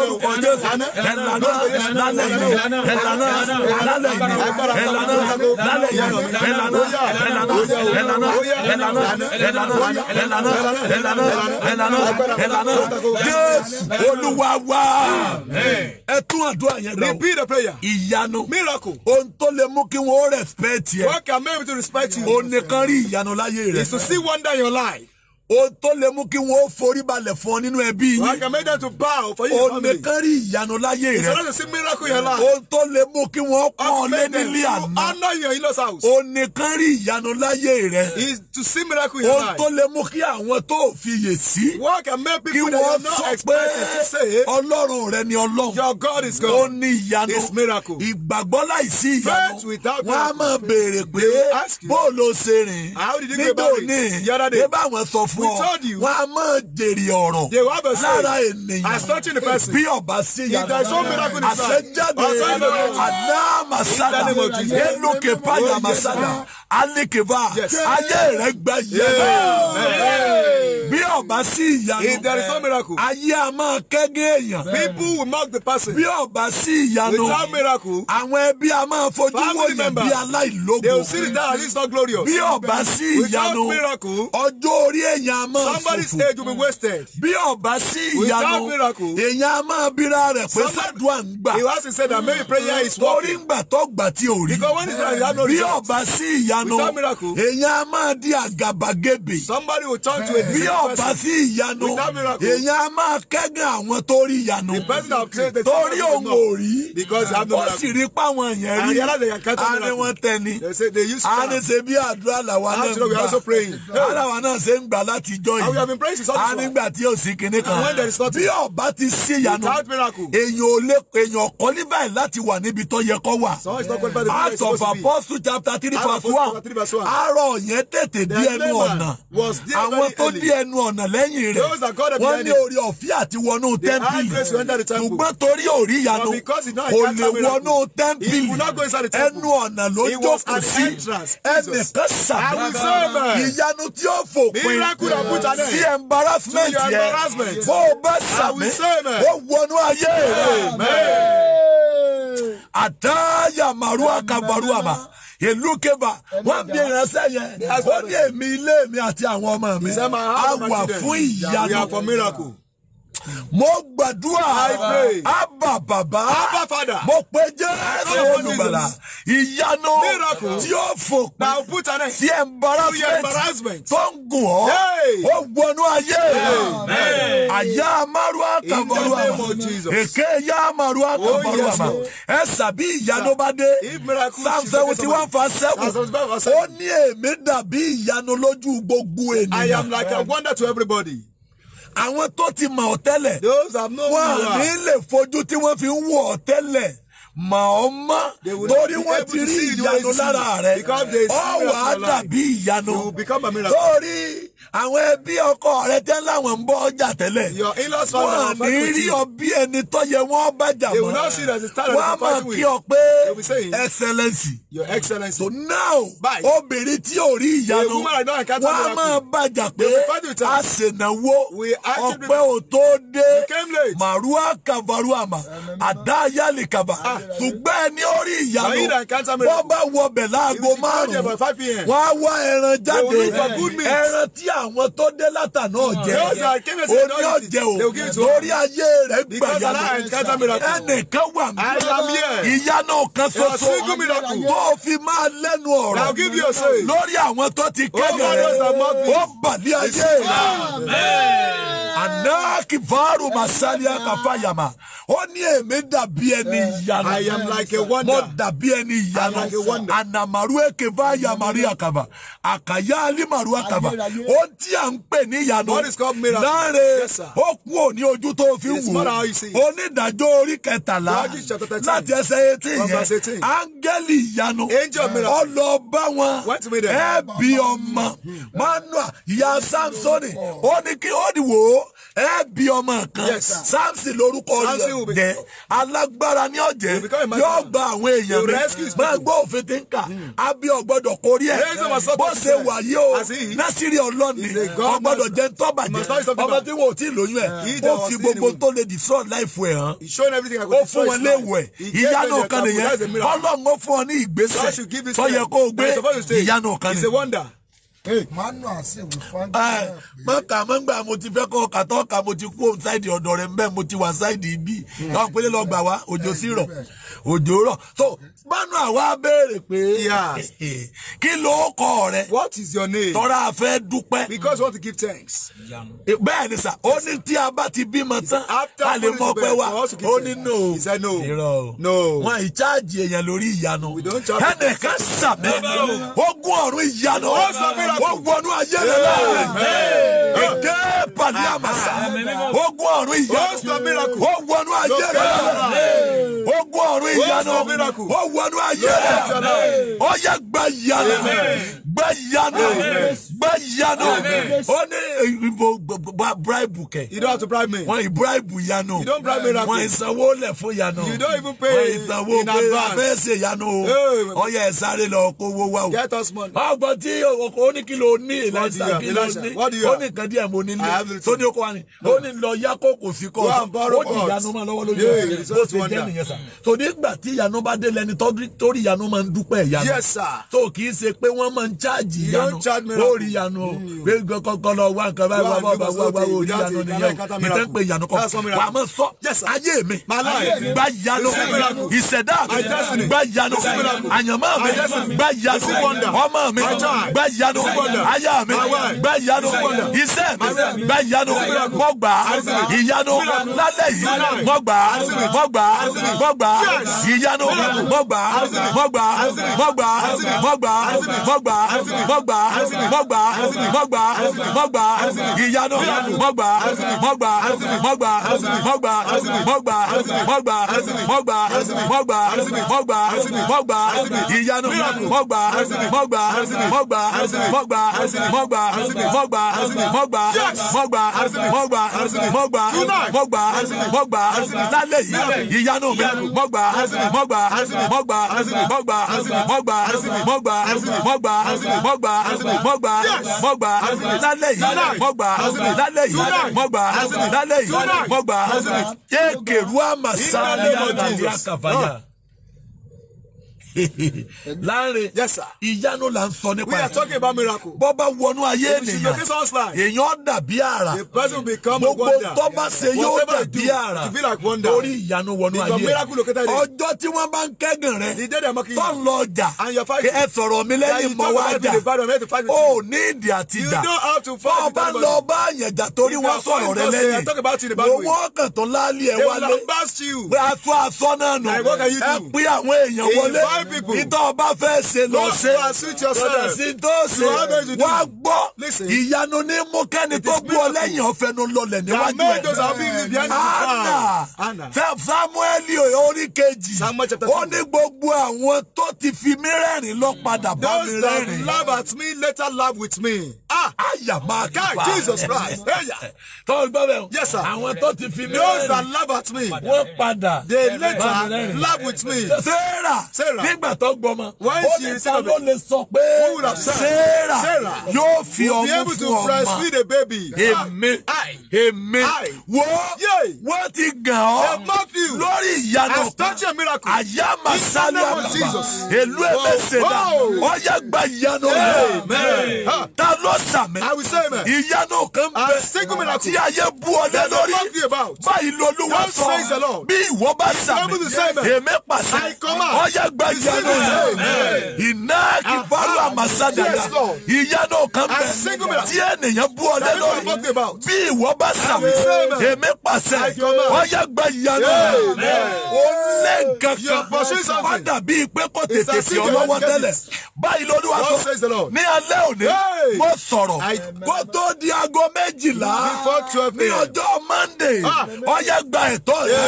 lórúkọ Jésù ẹlànà lálẹ́ yìí ẹ tún àdúrà yẹn o repeat the prayer ìyanu miracle ohun tó lè mú kí wọn respect yẹ what can make me respect you. o nìkan rí ìyanu láyé rẹ. is to see wonder in your life o tó lè mú kí wọn ó forí balẹ̀ fún ọ nínú ẹbí yín. I can make them to bow for your o nìkan rí ìyanu láyé rẹ. ìṣòro ti sí miracle yẹn la. o tó lè mú kí wọn pọ́n ọ lé nílé àná. ọ̀nà yẹn in laws house. o nìkan rí ìyanu láyé rẹ. is to see miracle yẹn la. o tó lè mú kí àwọn tó fi yè sí. work and make people that you no expect to say. ọlọ́run rẹ ni ọlọ́run. your God is miracle. ìgbàgbọ́ láìsí ìyanu. without miracle. wọ́n á máa béèrè pé how did you go about fún ọ wà á máa jèrè ọ̀rọ̀ lára ènìyàn bí ọba sí yàrá àṣẹjáde àdámasádà elókè páyàmásádà alekeba ayé rẹ gbà yẹ ò bá sí ìyanu. miracle. ayé a máa kẹ́gẹ́ èèyàn. people will mark the person. bí ò bá sí ìyanu. miracle. àwọn ẹbí a máa fojú wò bí aláìlógo. they will see the that is not glorious. bí ò bá sí ìyanu. miracle. ọjọ́ orí èèyàn a máa fòfò. somebody's age will be wasted. bí ò bá sí ìyanu. miracle. èèyàn a máa bíra rẹ̀ pé sádùá ń gbà. he has to say that maybe prayer is working. torí ń gbà tó gbà tí ò rí. because when he pray he result. bí ò bá sí ìyanu. miracle. èèyàn a máa di àgàbàgebè. somebody will turn to a disease person. bí ò bá àfi ìyanu èèyàn a máa kẹ́gàn àwọn tó rí ìyanu torí òun ò rí ó sì rí páwọn yẹn rí àní wọn tẹni àní ṣe bí àdúrà làwa náà gbà àlàwa náà ṣe ń gbà láti jọ yìí àní gbà tí yóò sí kinní kan bí ọba ti sí ìyanu èèyàn èèyàn ọ̀kọ́ ní báyìí láti wà níbi tó yẹ kó wà Acts of Apostles chapter three verse one arọ yẹn tètè dí ẹnu ọ̀nà àwọn tó dí ẹnu ọ̀nà ọ̀nà lẹ́yìn rẹ̀ wọ́n ní orí ọ̀fẹ́ àti wọnú tẹ́ḿpìlì ṣùgbọ́n torí òrí ìyanu kò lè wọnú tẹ́ḿpìlì ẹnu ọ̀nà ló jókòó sí ẹnìkan sàmì ìyanu tí ó fòpin sí embarrassment yẹn bó o bá sàmì ó wọnú ayé rẹ̀ àdáyà màrúwà kàbàrúwà mà ìlú kébà wọ́n bí ìránṣẹ́ yẹn ó ní èmi ilé mi àti àwọn ọmọ mi a wà fún ìyanu mo gbàdúrà abba baba abba fada mo pe jésù olùgbàlà ìyanu tí ó fòpin sí embarrassment tó ń gùn ọ́ ó wọnú ayé àyà amárù àtàmọ́rù àmà èké yá amárù àtàmọ́rù àmà ẹ sàbí ìyanu bá dé psalm seventy one verse seven ó ní èmi dàbí ìyanu lójú gbogbo ènìyàn. I am like a wonder to everybody àwọn tó ti mọ̀ ọ́ tẹ́lẹ̀ wọ́n ní lè fojú tí wọ́n fi ń wò ọ́ mọ̀ ọ́ mọ́ torí wọ́n ti rí ìyanu lára rẹ̀ ọ̀ wà á dàbí ìyanu torí àwọn ẹbí ọkọ rẹ tẹ́ láwọn ń bọ́ ọjà tẹ́lẹ̀ wọ́n ní rí ọbí ẹni tó yẹ wọ́n bàjá mọ́ wọ́n á máa kí ọ pé excellency so now obìnrin tí ò rí ìyanu wọ́n á máa bàjá pé a ṣènáwó ọpẹ́ ò tó dé màrúwá kàbàrúwàmà àdáyálì kàbà ṣùgbọ́n ẹni orí ìyàló wọ́n bá wọ bẹ̀ láago márùn-ún wọ́n á wá ẹran jáde ẹran tí àwọn tó dé látà náà jẹ orí ọ̀jẹ̀ o lórí ayé rẹ̀ gbàyàló ẹnìkan wà mí ìyanu kan ṣoṣo tó fi máa lẹ́nu ọ̀rọ̀ lórí àwọn tó ti kẹ́gàn rẹ̀ ó bàlí ayé rẹ̀ anaki varu masalia kafayama ó ní èmi dàbí ẹni ìyanu. I am like a wonder. Mo dàbí ẹni ìyanu. Ànàmàrú èké bá Yamari Akaba. Àkàyà Alimaru Akaba. Ó tí à ń pè ní ìyanu. Láre ó kú òní ojú tó fi wù. Onídàájọ́ orí kẹtàlá láti ẹsẹ̀ etí yẹn. Áńgẹ́lì ìyanu. Ọlọ́ba wọn. Ẹ̀bí ọmọ. Mánúà hmm. ìyá Sámsónì. Hmm. Ó ní kí ó dìwò ẹ bí ọmọ kan samson lórúkọ jẹ alágbára ní ọjẹ yóò gba àwọn èèyàn mi máa gbọ́ òfin tí ń kà á hmm. bí ọgbọ́dọ̀ kórí ẹ bó ṣe wà yìí o násìrì ọlọ́ni ọgbọ́dọ̀ jẹ ń tọ́bàjẹ́ ọmọ tí wọn ò tí lóyún ẹ ó fi gbogbo tó lè destroy life ẹ hàn ó fún wọn léwu ẹ ìyanu nìyẹn ọlọ́run ó fún ọ ní ìgbésẹ̀ tó yẹ kó o gbé ìyanu kan nìyẹn mọ ah, kà mọ gbà mo ti fẹ́ kọ́ ọkà tọ́ ọkà mo ti kú òun ṣáìdì ọ̀dọ̀ rẹ̀ mbẹ́ mo ti wà ṣáìdì ibi hmm. ọ̀ pélé lọ gbà wá òjò sí rọ̀ òjò rọ̀ so bánú àwa béèrè pé kí ló kọ rẹ. what is your name. because we want to give thanks. bẹ́ẹ̀ ni sà ó ní tí a bá ti bímọ tán a lè mọ pé wa ó ní no irọ́ wọn ì cháàjì èèyàn lórí ìyanu ẹnìkan sàmẹ́ ogun ọ̀run ìyanu ogun ọ̀run ayẹyẹ láàrin èké pàdé àmàsà ogun ọ̀run ìyanu ogun ọ̀run ayẹyẹ láàrin ọ̀run ọ̀run ìyanu ó wọnú ayé ó yẹ gba ìyanu gbẹ yanu gbẹ yanu ó ní ìbò bribe kẹ. you don't have to bribe me. wọn ìbribe yanu. you don't bribe me rapidly. wọn ìsanwó lẹ fún yanu. you don't even pay in advance. wọn ìsanwó pé abẹ́sẹ̀ yanu o ọyẹ ẹ̀sáré lọ kó owó wa o. get us money. ọgbọ́n tí o ní kí ló ní ìlànà kí ló ní ó ní nǹkan díẹ̀ mo nílé tó ní okòwò àná ó ní lọ yá kó kò sí kọ́ ó ní ìyanu máa lọ́wọ́ lójú ẹ̀sẹ̀ bó ti jẹ́ nìyẹn sà. tòní ìgbà yes sir. tó kì í ṣe pé wọ́n charge ìyanu ó rí ìyanu o pé kọ́kọ́ lọ wá nǹkan báyìí wá bá wá wá ó rí ìyanu nìyẹn o ìtẹ́ ń pe ìyanu kọ́ wà á mọ̀ sọ ayé mi gba ìyanu ìṣẹ̀dá mi gba ìyanu àyànmọ́ mi gba ìyanu ọmọ mi gba ìyanu aya mi gba ìyanu iṣẹ́ mi gba ìyanu mo gbà ìyanu lálẹ́ yìí mo gbà mo gbà mo gbà ìyanu mo gbà mo gbà mo gbà mo gbà mo gbà mọ́gbà mọ́gbà mọ́gbà mọ́gbà ìyanu mọ́gbà mọ́gbà mọ́gbà mọ́gbà mọ́gbà mọ́gbà mọ́gbà mọ́gbà mọ́gbà mọ́gbà ìyanu mọ́gbà mọ́gbà mọ́gbà mọ́gbà mọ́gbà mọ́gbà mọ́gbà mọ́gbà mọ́gbà mọ́gbà mọ́gbà mọ́gbà lálẹ́ yìí ìyanu mi mọ́gbà mọ́gbà mọ́gbà mọ́gbà mọ́gbà mọ́gbà mọ́gbà mọ́gbà mọ́gbà mọ́gbà lálẹ́ yìí mọ́gbà lálẹ́ yìí mọ́gbà lálẹ́ yìí mọ́gbà yéèkèrú àmàsá lẹ́yìn àkàbàyà. Lanre ìyanu la ń sọ nípa ẹ̀. bọ́ba wọnú ayé ènìyàn èèyàn dàbí àrà gbogbo tọ́ba ṣe yóò dàbí àrà torí ìyanu wọnú ayé ọjọ́ tí wọ́n bá ń kẹ́gàn rẹ tó ń lọ ọjà ẹ sọ̀rọ̀ mi lẹ́yìn mọ́ wá jà ó ní ìdí àti ìjà bọ́ba lọ bá àyànjà torí wọ́n sọ̀rọ̀ rẹ lẹ́yìn owó ọkàn tó láàlì ẹ̀ wálé aṣọ aṣọ náà nù ẹ pín àwọn èèyàn wọlé my people. Ìtọ́ ọba fẹ́ ṣe lọ ṣe. Don't pursue yourself. Kọ̀dà sí tó ṣe. Wá gbọ́. Ìyanu ní mú kẹ́ni tó gbú ọ lẹ́yìn ọ̀fẹ́nu lọlẹ̀ níwájú ẹ̀. Ana ah, fẹ́ Samueli orí kejì. Ó ní gbogbo àwọn tó ti fi mí rẹ́rìn lọ padà bá mi rẹ́rìn. Those that laugh at me later laugh with me. Ah! Àyà máa kí pa. Jesus Christ. Tọ́wọ́ gbọ́ bẹ́ẹ̀ o. Yes sir. Àwọn tó ti fi mí rẹ́rìn. Those that laugh at me. Wọ́n padà. They later laugh with me. Sarah. Sarah nígbà tó gbọmọ ó ní ta ló lè sọ pé sarah yóò fi ọmú fún ọmọ èmi èmi wo wọ́n ti gàn ọ́ lórí ìyanu àyà máa sálẹ̀ àbàbà èlú ẹ̀mẹ́sẹ̀ náà ọ̀yà gba ìyanu rẹ̀ ta ló sàmì ìyanu kan bẹ tí ayé bú ọdẹ lórí báyìí lolúwa sọ bí ìwọ bá sàmì èmi pàṣẹ ọ̀yà gba ìyanu ìyanu yẹn iná kíbaru àmàsádàdà ìyanu kan bẹ tí ènìyàn bú ọdẹ lórí bí ìwọ bá sàmì èmi pàṣẹ ọyẹ gba ìyanu yẹn ṣe nǹkan kan wá dàbí pé kò tètè sí ọlọ́wọ́ tẹ́lẹ̀ báyìí lórí wa sọ ní alẹ́ òní mo sọ̀rọ̀ kó tó di aago méjìlá ní ọjọ́ Monday ọyẹ gba ẹ̀tọ́ rẹ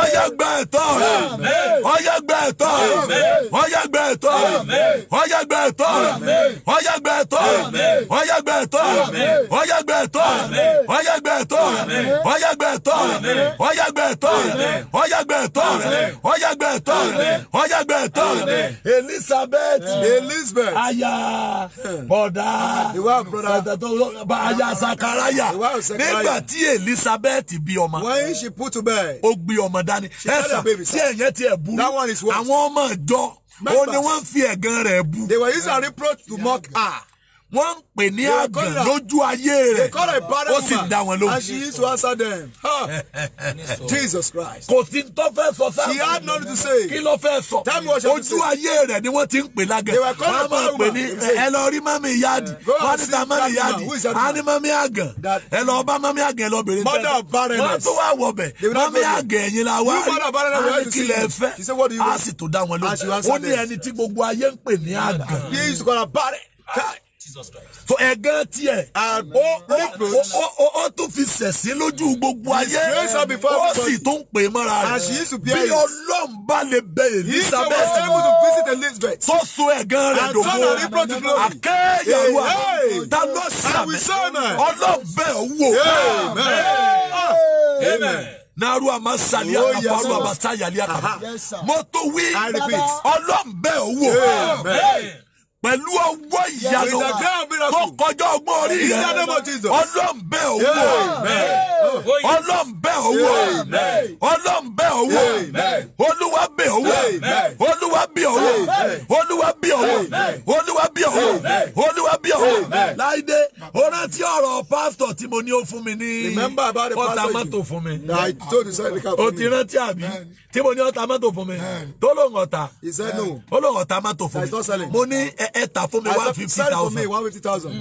ọyẹ gba ẹ̀tọ́ rẹ ọyẹ gba ẹ̀tọ́ rẹ ọyẹ gba ẹ̀tọ́ rẹ ọyẹ gba ẹ̀tọ́ rẹ ọyẹ gba ẹ̀tọ́ rẹ ọyẹ gba ẹ̀tọ́ rẹ ọyẹ gba ẹ̀tọ́ rẹ ọyẹ gba ẹ̀tọ́ rẹ ọyẹ gba ẹ̀tọ́ rẹ ọyẹ gba ẹ̀tọ́ rẹ ọyẹ gba ẹ̀tọ́ rẹ ẹ̀tọ́ rẹ̀ ó yá gba ẹ̀tọ́ rẹ̀ ó yá gba ẹ̀tọ́ rẹ̀ Elizabeth Elizabeth aya bọ̀dá aya Sakaraya nígbà tí Elizabeth bí ọmọ ó gbé ọmọ dání ẹ̀sà tí ẹ̀yẹ ti ẹ̀ burú àwọn ọmọ ìjọ ó ní wọ́n fi ẹ̀gàn rẹ̀ bú. they were using a reproach to mock her wọ́n ń pè ní àgàn lójú ayé rẹ̀ ó sì dá wọn lóhùn. and she used to answer them Jesus Christ. kò sí tó fẹ́ sọ sáà. she had nothing to say. kí ló fẹ́ sọ. tell me what she had to say. ojú ayé rẹ̀ ni wọ́n ti ń pè lágẹ̀. they were calling her woman. wọ́n máa pè ní ẹ lọ rí mami yadi. wọ́n ní ta mami yadi. a ní mami àgàn. ẹ lọ bá mami àgàn ẹ lọ bèrè. mother of barrenness. wọ́n tún wà wọ̀ bẹ̀. mami àgàn ẹ̀yin la wá rí. a ní kílẹ̀ fẹ́. a sì tó dá wọn lóhùn. ó ní ẹni tí gbogbo ayé ń pè ní àgàn. he is gonna barren for ẹ̀gán tiẹ̀ ó tún fi sẹ̀sí lójú gbogbo ayé ó sì tún pè mọ́ra rẹ̀ bí ọlọ́run bá lè bẹ elizabeth tó so ẹ̀gán rẹ̀ dògbò akéyàwó ta ló sàmì ọlọ́run bẹ̀ wò. Amen n'aru ama sali oh, akapa aru ama sayali akapa mo to wi ọlọ́run bẹ̀ wò pẹ̀lú ọwọ́ ìyanu tó kọjá ọgbọ́n orí rẹ ọlọ́run bẹ́ẹ̀ ọlọ́run bẹ́ owó ọlọ́run bẹ́ owó olúwa bẹ́ owó olúwa bẹ́ owó olúwa bẹ́ owó olúwa bẹ́ owó olúwa bẹ́ owó láìdé ó rántí ọ̀rọ̀ pásítọ̀ tí mo ní ó fún mi ní ọ̀tá mọ́tò fún mi ó ti rántí àbí tí mo ní ọ̀tá mọ́tò fún mi tó ló ń ọ̀tá ó ló ń ọ̀tá mọ́tò fún mi mo ní ẹ̀ẹ́ta fún mi one fifty thousand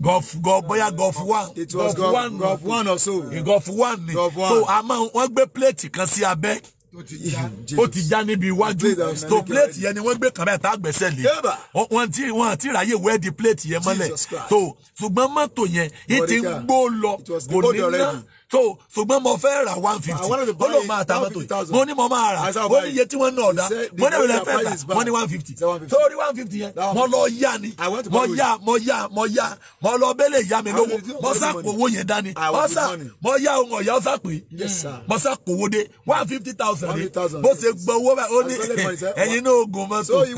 gulf gulf bóyá gulf one gulf one gulf one or so gulf one ni so a máa wọ́n gbé pléètì kan sí abẹ́ ó ti já níbi iwájú tó pléètì yẹn ni wọ́n gbé kàmẹ́ tá gbẹ́sẹ̀ lé wọ́n ti wọ́n ti ráyè wẹ́ẹ̀dì pléètì yẹn mọ́lẹ̀ tó ṣùgbọ́n mọ́tò yẹn yìí ti ń gbó lọ kò ní ná so ṣùgbọ́n mo fẹ́ ra one fifty ó ló máa ta mọ́tò yìí mo ní mo máa rà ó ní iye tí wọ́n ná ọ̀dá mo ní ìrẹ̀lẹ̀ fẹ́ rà mo ní one fifty torí one fifty yẹn mo lọ yá ni mo yá mo yá mo yá mo lọ bẹ́lẹ̀ yá mi lówó mo sàpò owó yẹn dání ọ̀sà mo yá ohun ọ̀yà ọ̀sà pé mo sàpò owó dé one fifty thousand rẹ bó ṣe gbọ́ owó báyìí ó ní ẹ̀yin náà oògùn mọ́tò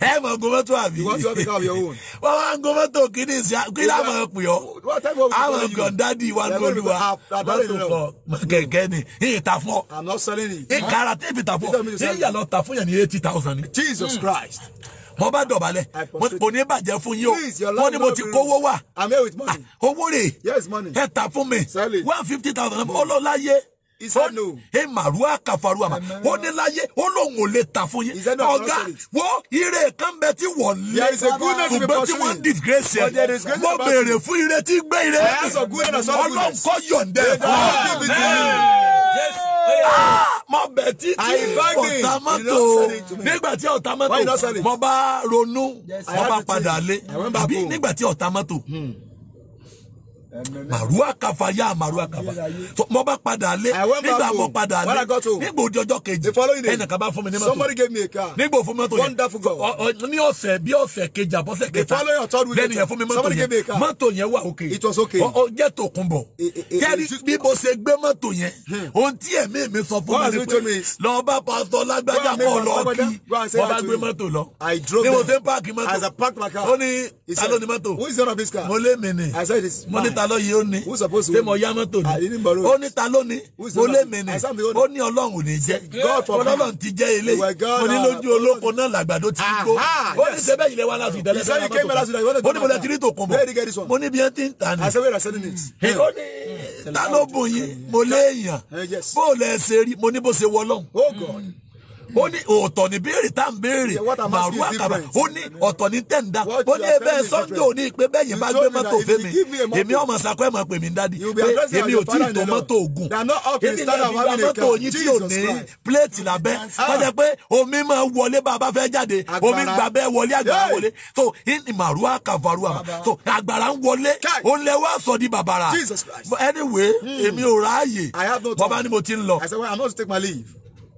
ẹ̀ mọ̀ oògùn mọ́tò àbí wọ́n wá ń gbọ́ mọ́tò kí ni ìsìn kí ni àmọ̀ pè ọ́ àmọ̀ gbọ̀ndà dádì wa lórí wa látòkọ kẹ̀kẹ́ ni yìí ta fún ọ. I'm not selling it. ìkara tẹ́ẹ̀bì ta fún ọ yìí yà lọ ta fún yẹn ní eighty thousand Jesus hmm. Christ mo bá dọ̀bálẹ̀ mo ní bàjẹ́ fún yín o wọ́n ní mo ti kówó wà ah, owó rè é ta fún mi one fifty thousand ọlọ́láyé ìsẹ́nu ìmàrúwà kàfàrúwà mà ó ní láyé ó lóun ò lè ta fún yín ọ̀gá wo ire kan bẹ tí wọ́n lé ṣùgbọ́n tí wọ́n ń disgrace ẹ̀ mo béèrè fún ire tí gbé ire ọlọ́run kọ́ yọ̀ǹdẹ̀ fún ọ ah, mo bẹ̀ títí ọ̀tá mọ́tò nígbà tí ọ̀tá mọ́tò mo bá ronú mo bá padà lé àbí nígbà tí ọ̀tá mọ́tò. Hmm màrúwà kàfà yá màrúwà kàfà mo bá padà lé nígbà mo padà lé nígbà òdi ọjọ́ kejì ẹnìkan bá fún mi ní mọ́tò nígbà òfin mọ́tò yẹn ní ọ̀sẹ̀ bí ọ̀sẹ̀ kejì àbọ̀sẹ̀ kẹta lẹ́nu yẹn fún mi mọ́tò yẹn mọ́tò yẹn wà òkè ọ jẹ́ tòkun bọ̀ kẹ́rì bí mo ṣe gbé mọ́tò yẹn hmm. ohun tí ẹ̀mí mi sọ fún mi ni pé lọ bá pásítọ̀ lágbájá mọ́ lọ kí wọ́n bá gbé mọ́tò lọ ní mo ṣe ń páàkì mọ́tò ó ní alóni mọ́tò mo lé mi ni mo ní ta ló yẹ ó ní pé mo yá mọ́tò ní ah, ó ní ta ló ní mo lé mi ní ó ní ọlọ́run ní jẹ́ ọlọ́run ti jẹ́ ilé mo ní lójú olóko náà làgbàdo ti gbó ó ní sẹ́bẹ̀ yìí lè wá láti ìdálẹ́ sẹ́yìn ó ní mo lè tiri tó kùn mọ́ mo ní bí ẹ ti ń tà ní ó ní ta ló bùn yín mo lé èèyàn bó lẹ ṣe rí mo ní bó ṣe wọlọ́hún. Oh, ó ní ọ̀tọ̀ ní béèrè tá à ń béèrè màrú àkàbà ó ní ọ̀tọ̀ ní tẹ̀ǹda ó ní ẹbẹ́ sọ́njọ́ ò ní pé bẹ́ẹ̀ yẹn bá gbé mọ́tò fẹ́ mi èmi ọmọ sako ẹ̀ mọ̀ pè mí dádì pé èmi ò tí ì tó mọ́tò ògùn èmi lè fi gba mọ́tò yín tí ò ní pléètì lábẹ́ ah, wájà pé omi máa wọlé bá a bá fẹ́ jáde omi gbà bẹ́ẹ̀ wọlé àgbàrá wọlé tó ní màrú àkàbàrú àmà tó àgbàrá ń wọlé ó ń lẹ wá sọ di bàbàrà anyway hmm. èmi ò ráàyè bàbá ni mo ti ń lọ. I said, well, I'm not to take my leave.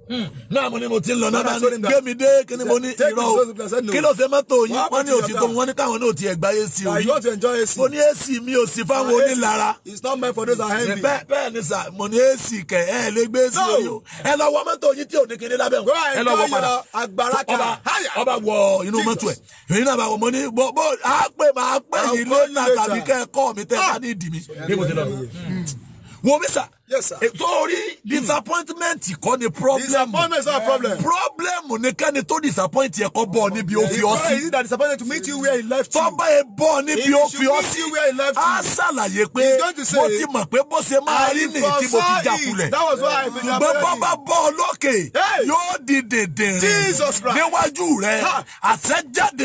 Hmm. náà mo ní mo ti ń lọ náà gbé mi dé kí ni mo ní irọ́ kí ló ṣe mọ́tò yín wọ́n ní òsì tó wọ́n ní káwọn náà ti ẹ̀gbá èsì òní mo ní èsì mi ò sí fáwọn onílara bẹ́ẹ̀ ni sà mo ní èsì kẹ̀ ẹ̀ lè gbé èsì òní o ẹ lọ wọ mọ́tò yín tí ò ní kíní lábẹ́ ẹ lọ wọ padà ọba wọ inú mọ́tò ẹ̀ èyí náà bá wọ mo ní bó a pè máa pè yín lónà tàbí kẹ́ ẹ kọ́ mi tẹ́ ẹ bá ní ìdí mi ah. bí mo ti lọ hmm. wo mi sà yes sir. torí eh, hmm. disappointment kọ́ ni problem. disappointment is not a eh, problem. problem ni kẹ́ni tó disappoint yẹ kó bọ̀ níbi ó fi ọ sí. he is that disappointed to meet you where he left you. tọ́ba yẹn bọ̀ níbi ó fi ọ sí. a ṣàlàyé pé mo ti mọ̀ pé bó ṣe máa rí ni tí mo fi jà kulẹ̀. ṣùgbọ́n bọ́ba bọ́ ọ lókè yóò di dèdè rẹ̀ níwájú rẹ̀ àṣẹjáde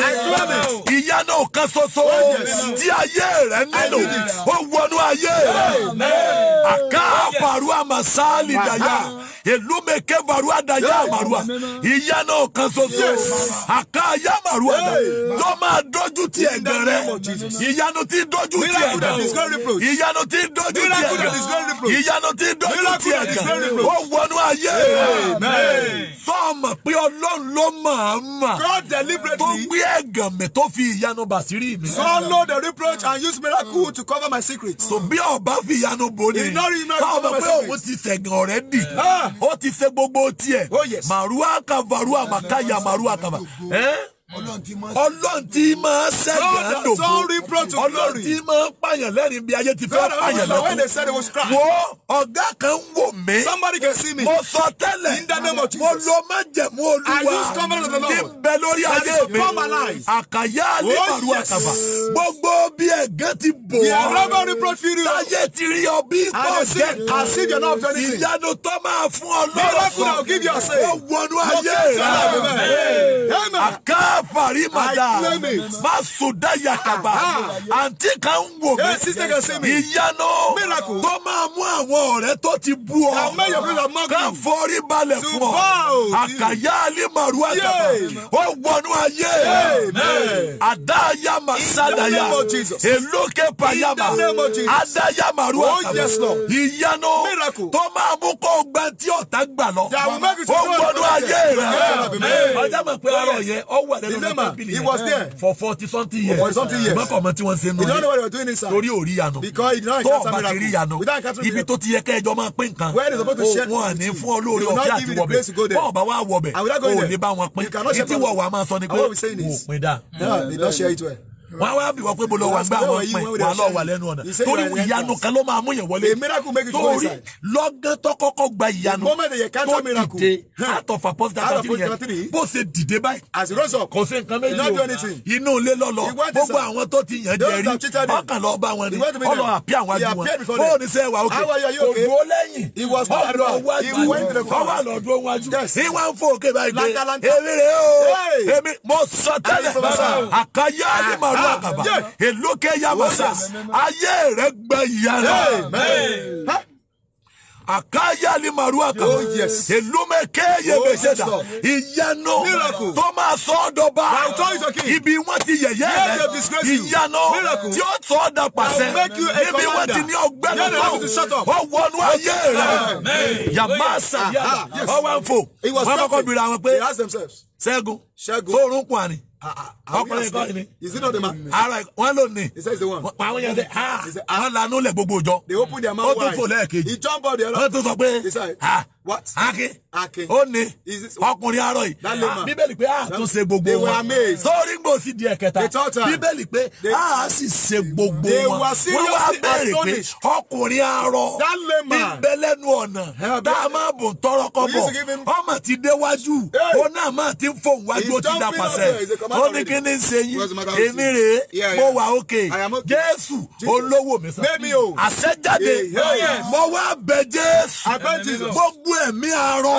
ìyanu kan ṣoṣo oh, tí ayé rẹ̀ nílò ó wọnú ayé rẹ̀ àká Parua masali daya ah. elumeke parua daya marua ìyá náà kan ṣoṣo àká ayá marua dà tó máa dójú ti ẹ̀gàn rẹ ìyanu ti dójú ti ẹ̀gàn ìyanu ti dójú ti ẹ̀gàn ìyanu ti dójú ti ẹ̀gàn ó wọnú ayé sọ́ọ̀mọ̀ pé ọlọ́run ló máa mà tó gbé ẹ̀gàn mi tó fi ìyanu bàṣírí mi. sọ́ọ́ lọ́ọ̀dẹ̀ reproach and use miracle to cover my secret. so bí ọba fi ìyanu bo ni. ìnáwó mọ̀ pé òun ti sẹ̀gàn ọ̀rẹ́ dì ah. ó ti ṣe gbogbo tiẹ̀ màrúwá kàvarúwá màkàyà màrúwá kàvà ọlọ́run tí máa sẹ́yìn àdògbò ọlọ́run tí máa pààyàn lẹ́rìn bí ayé ti fẹ́ pààyàn lẹ́kùn wo ọ̀gá kan wò mí mo sọ tẹ́lẹ̀ mo lo májẹ̀mú olúwa kí n bẹ lórí ayé mi àkàyà alẹ́bàrú oh, àkàbà gbogbo bí ẹ̀gẹ́ ti bò ọ́ táyé ti rí ọ bí kò jẹ́ ìyanu tó máa fún ọ lọ́rọ̀ sọ wọ́n wọnú ayé rẹ̀ àkàbà fari mada masuda yakaba àǹtí kan ń wò mí tó máa mú àwọn ọ̀rẹ́ tó ti bú ọ ká forí balẹ̀ fún ọ àkàyà alimaru àgàbà ó wọnú ayé àdáyàmà sádàyà èlókè payàmà àdáyàmàru àgàbà ìyanu tó máa mú kó gbẹ tí ọ̀tá gbà lọ ó wọnú ayé rẹ ọjà pé ọ̀rọ̀ yẹn ọ̀wọ̀ rẹ remember he was there for forty something years for something years mọ́kàn mọ́ tí wọ́n ṣe nù. he don't know what they were doing inside. torí òrí yanu. because he did not encounter miracle. tó ọba ti rí yanu ibi tó ti yẹ kẹjọ máa pín nǹkan. where they supposed to share. the wọn ní fún olóore ọ̀fẹ́ àti wọbẹ̀ bọ́ọ̀ bá wà wọbẹ̀ o ò ní bá wọn pín. ètí wọ̀ wà máa sọ ni pé wò share it dà wọn wá bí wọn pé bolo wà gbá wọn pẹ wà lọ wà lẹ́nu ọ̀nà torí ìyanu kan ló máa mú yẹn wọlé torí lọ́gán tó kọ́kọ́ gba ìyanu tó dìde out of apostolic three bó ṣe dìde báyìí kò ṣe nǹkan méjì o inú ilé lọ́lọ́ gbogbo àwọn tó ti yàn rí ọkàn lọ bá wọn ni ọlọ àpí àwọn àjù wọn bó o ní sẹ́ wà lẹ́yìn ọlọ wájú fò àgàbà èlókè yamasa ayé rẹ gbẹ ìyàrá akaya ni maruwa kan oh, yes. elume keye oh, beseda ìyanu tó máa sọ ọ́ dọba ibi wọ́n ti yẹ̀yẹ́ rẹ ìyanu tí ó sọ ọ́ da pàṣẹ ibi wọ́n ti ní ọgbẹ́ lọ́wọ́ ó wọnú ayé rẹ yamasa ọwọ́ ń fò wọ́n kọ́kọ́ bìrì àwọn pé ṣẹ́gun fórúnkùn àná ọkùnrin kọ́ ni. is it not the man. ara ah, wọn ló ní. he says the one. àwọn yẹn sẹ ha wọn lanú lẹ gbogbo ìjọ. they open their mouth wide. ó tún fò lẹ́ẹ̀kejì. he jump out the other. ó tún sọ pé ha What? Akin. Akin. Ó ní. Ọkùnrin arọ yìí. That layman. Bíbélì pé a ah, tún ṣe gbogbo wọn. They were amazed. Sórí gbò sí di ẹ̀kẹta. They taught her. Bíbélì pé ah, a sì ṣe gbogbo wọn. They were seriously astonished. Wọ́n wá bẹ̀rẹ̀ pé ọkùnrin arọ. That layman. Ibẹ̀ lẹ́nu ọ̀nà. Tá a máa bò ń tọrọ kọ́ bọ̀. Ọmọ ti déwájú. Ó náà máa ti ń fòun wájú. Ó ti dà pàṣẹ. Ó ní kí ni ṣe yín. Èmi rèé. Mo wà òkè. Jésù olówó mi sá. Oh. Àṣẹjáde. Mo wá bẹ Jésù. Gbogbo gbogbo ẹ̀mí arọ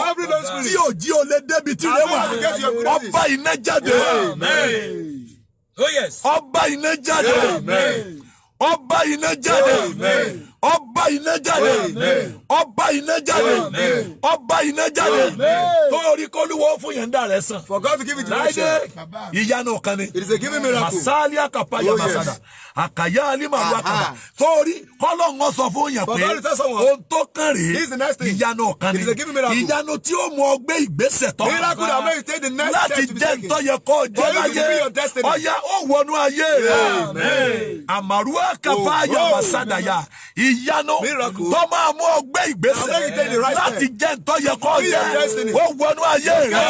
tí ò jí o lè débi tí rẹ ọba iná jáde oh, ọba iná jáde ọba iná jáde ọba iná jáde ọba iná jáde ọba iná jáde torí kólúwọ́ fún yẹn ń dà rẹ̀ sàn. for God to give you. láìdé ìyanu kan ni. it is a miracle. masali akapa oh, masada akaya alima alu akaba torí kọ́lọ̀ ń sọ fún yẹn pé ohun tó kàn rèé ìyanu kan ni ìyanu tí ó mú ọ gbé ìgbésẹ̀ tọ́ láti jẹ́ ntọ́ yẹ kọ́ jẹ́ láyé ọ̀ya ó wọnú ayé rẹ̀ àmàlú akapa ya oh, masada ya ìyanu tó máa mú ọgbẹ́ ìgbésẹ̀ láti jẹ́ ntọ́ yẹ kọ́ jẹ́ ó wọnú ayé rẹ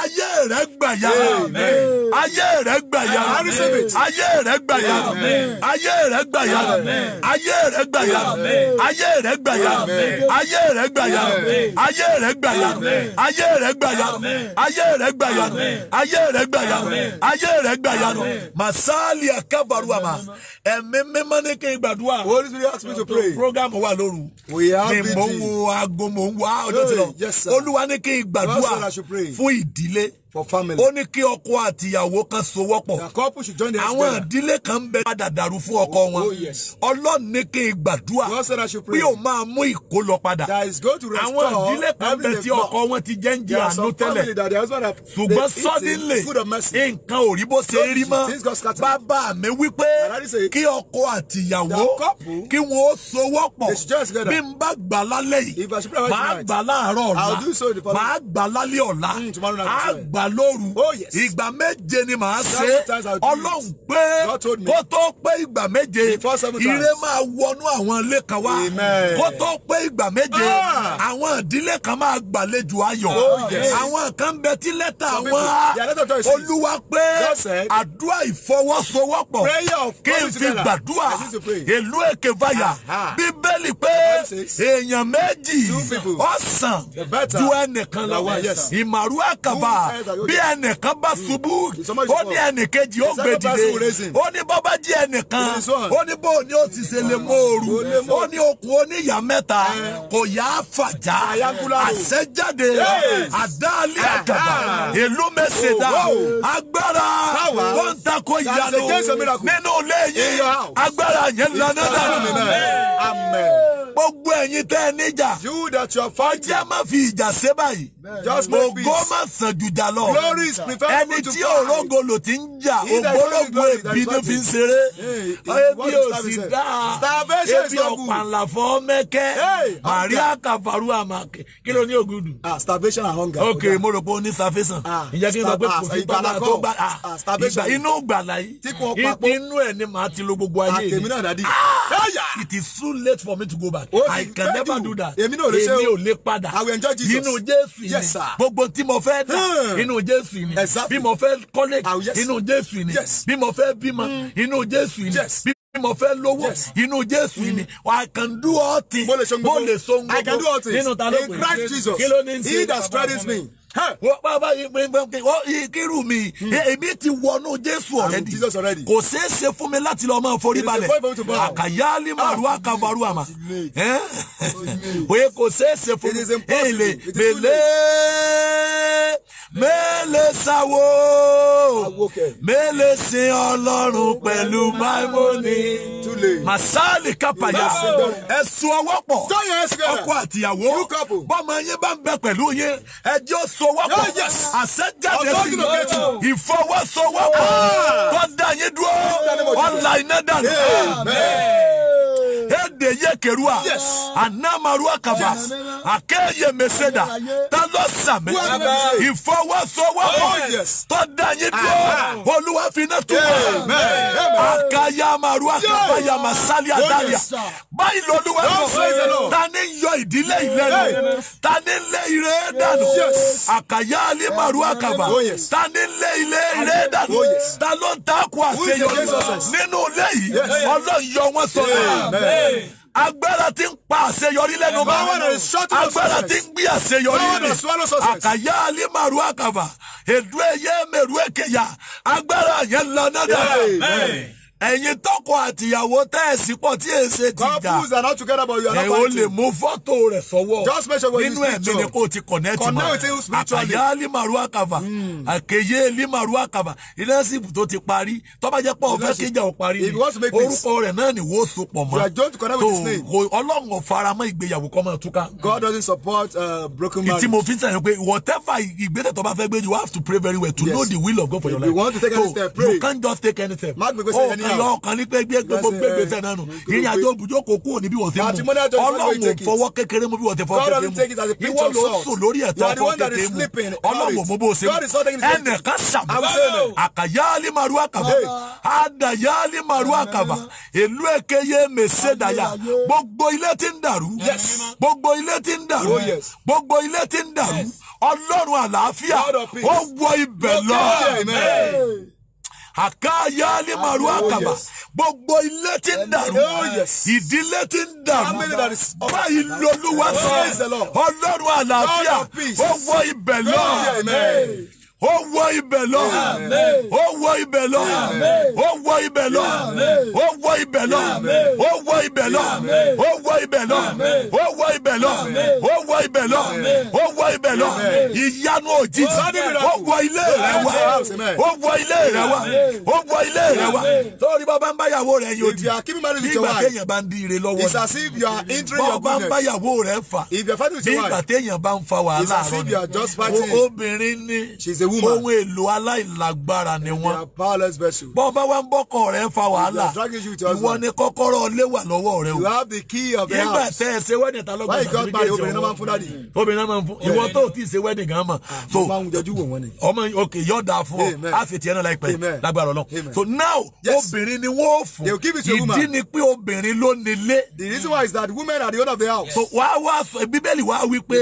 ayé rẹ gbàyà ayé rẹ gbàyà ayé rẹ gbàyà ayé rẹ gbàyà ayé rẹ gbàyà ayé rẹ gbàyà ayé rẹ gbàyà ayé rẹ gbàyà ayé rẹ gbàyà ayé rẹ gbàyà ayé rẹ gbàyà ayé rẹ gbàyà masali akabaruama ẹ̀mí mímọ́ ní kí n gbàdúrà asked me to pray. program wa lóru. we have meeting. mo wo aago mo ń wo ti lọ. yes sir. olúwa ní kí n for family. ó ní kí ọkọ àti ìyàwó kan sowọ́pọ̀. the couple should join their àwọn ìdílé kan ń bẹ padà dàrú fún ọkọ oh, wọn. Oh, ọlọ́run ní kí n gbàdúrà. God said I should pray. bí o máa mú ìkó lọ padà. that is go to restore àwọn ìdílé kan bẹ tí ọkọ wọn ti jẹ́ ń jẹ àánú tẹ́lẹ̀. ṣùgbọ́n suddenly nǹkan ò rí bó ṣe rí mọ́. bàbá mi wípé kí ọkọ àti ìyàwó kí wọn ó sowọ́pọ̀. bí n bá gbà lálẹ́ yìí máa gbà láàárọ̀ ọ̀la mẹ́wàá lóru oh, ìgbà méje ni màá ṣe ọlọ́run pé kó tó pé ìgbà méje ire máa wọnú àwọn ilé kan wá kó tó pé ìgbà méje ah. àwọn ìdílé kan máa gbàlejò ayọ̀ oh, àwọn kan bẹ tí lẹ́tà wọn olúwa pé àdúrà ìfọwọ́sowọ́pọ̀ kí n fi gbàdúrà ìlú èkè báyà bíbélì pé èèyàn méjì ọ̀sán ju ẹnìkan lọ ìmàrú àkàbà bí ẹnìkan bá hmm. ṣubú ó ní ẹnìkejì ó gbé dìde ó ní bọ́bá jí ẹnìkan ó ní bó ni ó ti ṣe lè mọ ooru ó ní okùn oníyà mẹ́ta kò yá fàjà àṣẹjáde àdáálé àgàbà ìlú mẹ́sẹ̀dá oh, agbára tó ń takò ìyanu nínú ilé yìí agbára yẹn lọ́nà Amen gbogbo ẹ̀yin tẹ́ ẹ níjà. you that you are fighting. ọjọ́ máa fi ìjà ṣe báyìí. just make peace. ògo máa sàn jù jà lọ. glory is preferable to power. ẹni tí òrógo lò ti ń jà ògbólógbò èbí ló fi ń ṣeré. ebi ò sì dáa ebi ọ̀pànlà fọ́ mẹ́kẹ́ àríà kàfàrú àmàkẹ́ kí ló ní ògùdù. Ah, starvation and hunger. ok mo rò pé o ní starvation. ìyẹn ah, kí n sọ pé kò fi ah, gbàlà tó gbà inú gbàlà yìí inú ẹ̀ ni màá ti lo gbogbo ayé mi. àtẹ̀mí náà dàdí. it is too late for me to go back back. Oh, I can never do, do that. Èmi náà ò lè ṣe o. Èmi ò lè padà. I will enjoy Jesus. ni. Yes sir. Gbogbo tí mo fẹ́ dà. Hmm. Inú Jésù ni. Exactly. Bí mo fẹ́ kọ́lé. Oh, inú Jésù ni. Yes. Bí mo fẹ́ bímọ. Hmm. Inú Jésù ni. Yes mo fẹ́ lówó inú jésù ni hmm. i can do all things mo lè so n gbogbo nínú ta ló pè é kí ló ní í ṣe ìgbà wọ́n bá bá ìkírù mi hmm. èmi ti wọnú Jésù already kò ṣeé ṣe fún mi láti lọ máa forí balẹ̀ àkàyálí màrú ah! àkàbàrú àmà kò ṣeé ṣe fún mi èlé mélé mélé sáwó mélé sin Ọlọ́run pẹ̀lú máìmọ́ni màsáàlì kápáyà ẹ̀sùn ọwọ́ pọ̀ ọkọ àtìyàwó bọ́mọ yín bá ń bẹ pẹ̀lú yín ẹjọ́ ìfọwọ́sowọ́pọ̀ àṣẹjáde sí ìfọwọ́sowọ́pọ̀ ah. tó dá yín dúró ọ̀la iná dànù yeye kerua anamarua kavas akeye meseda talosame, ló sàmẹ ìfọwọ́sowọ́pọ̀ tó dá yín tuwa, akaya fi iná tún wá akayamarua kabayama oh, sálíà dálíà báyìí lọ́lúwa oh, sọ ta ni yọ ìdílé ìlẹ́nu ta ni lé ire dànù àkàyà oh, alimarua kaba ta ni lé ilé ire dànù ta ló ń takò àṣeyọrí nínú ilé yìí ọlọ́run agbára tí ń pa àṣeyọrí lẹ́nu bá agbára tí ń gbé àṣeyọrí ni àkàyà alimaru akaba èdú ẹyẹ mẹrù ẹkẹyà agbára yẹn lanadà ẹ̀yin tọkọ àtìyàwó tẹ́ẹ̀sì pọ̀ tí èsè ti jà couples are not together but you are not fighting. ẹ o lè mú fọ́tò rẹ̀ sọ́wọ́ just make sure you use picture nínú ẹ̀mí ni kò ti connect mọ́ rẹ̀ àkàyà limaru akava hmm. àkèyé limaru akava relationship tó ti parí tó bá jẹ́ pé ó fẹ́ kíjà ó parí ni orúkọ rẹ̀ náà ni wọ́n so pọ̀ mọ́ tó ọlọ́run ò fara mọ́ ìgbéyàwó kọ́ mọ́ túká. God doesn't support uh, broken marriage. ìtì mo fi ń sẹ́yìn pé whatever ìgbésẹ̀ tó bá fẹ́ gbé you have to pray very well to yes. know the will of God for your life. you want to take any step pray. you can't just take any step. má gbégbé sẹ́yìn oh, ẹni ìyá ọkàn ní gbogbo gbèsè eh, náà nù ìyá tó bùjọ kò kúrò níbi wọ́n mú ọlọ́run fọwọ́ kékeré mú bí wọ́n fọwọ́ kékeré mú ìwọ ló sùn lórí ẹ̀tọ́ kékeré mú mú bó ṣe mú sàmú maru àkàbà maru àkàbà èkéyé oh. gbogbo ilé ti ń gbogbo ilé ti ń oh, gbogbo ilé ti ń dàrú ọlọ́run àlàáfíà ó wọ àkáyà alimaru akaba ah, oh, gbogbo ilé tí ń dàrú oh, ìdílé tí ń dàrú báyìí lolúwa oh, sọ ọlọ́run àlàáfíà ó wọ ibẹ̀ lọ ó wọ ibẹ̀ lọ ó wọ ibẹ̀ lọ ó wọ ibẹ̀ lọ ó wọ ibẹ̀ lọ ó wọ ibẹ̀ lọ ó wọ ibẹ̀ lọ ó wọ ibẹ̀ lọ ó wọ ibẹ̀ lọ ó wọ ibẹ̀ lọ ìyanu òjijì ó wọ ilé rẹ wá ó wọ ilé rẹ wá ó wọ ilé rẹ wá torí bọ́ bá ń báyàwó rẹ yóò di nígbà téèyàn bá ń di ire lọ́wọ́ rẹ bọ́ bá ń báyàwó rẹ fà nígbà téèyàn bá ń fa wàhálà rẹ obìnrin ni woman. ohun èlò aláìlágbára ni wọn. they are powerless vessels. bọ́ bá wá ń bọ́kọ̀ rẹ̀ fa wàhálà. ìwọ ni kọ́kọ́rọ́ ilé wà lọ́wọ́ rẹ o. you have the key of the house. nígbà tẹ́ ẹ ṣe wedding ta lọ́gbọ̀n sàmì jẹ́ ìjọ obìnrin náà máa ń fún dáàdì. obìnrin náà máa ń fún ìwọ tó ti ṣe wedding gan ma. Ah, so ọmọ òkè yóò dáa fún ọ á fi tiẹ̀ náà láìpẹ́ lágbára Ọlọ́run. so now obìnrin ni wọ́n fún. they will give it to a woman. ìdí ni pé obìnrin ló nílé. the reason why is that women are the owner of the house. so wàá wá bíbélì wàá wí pé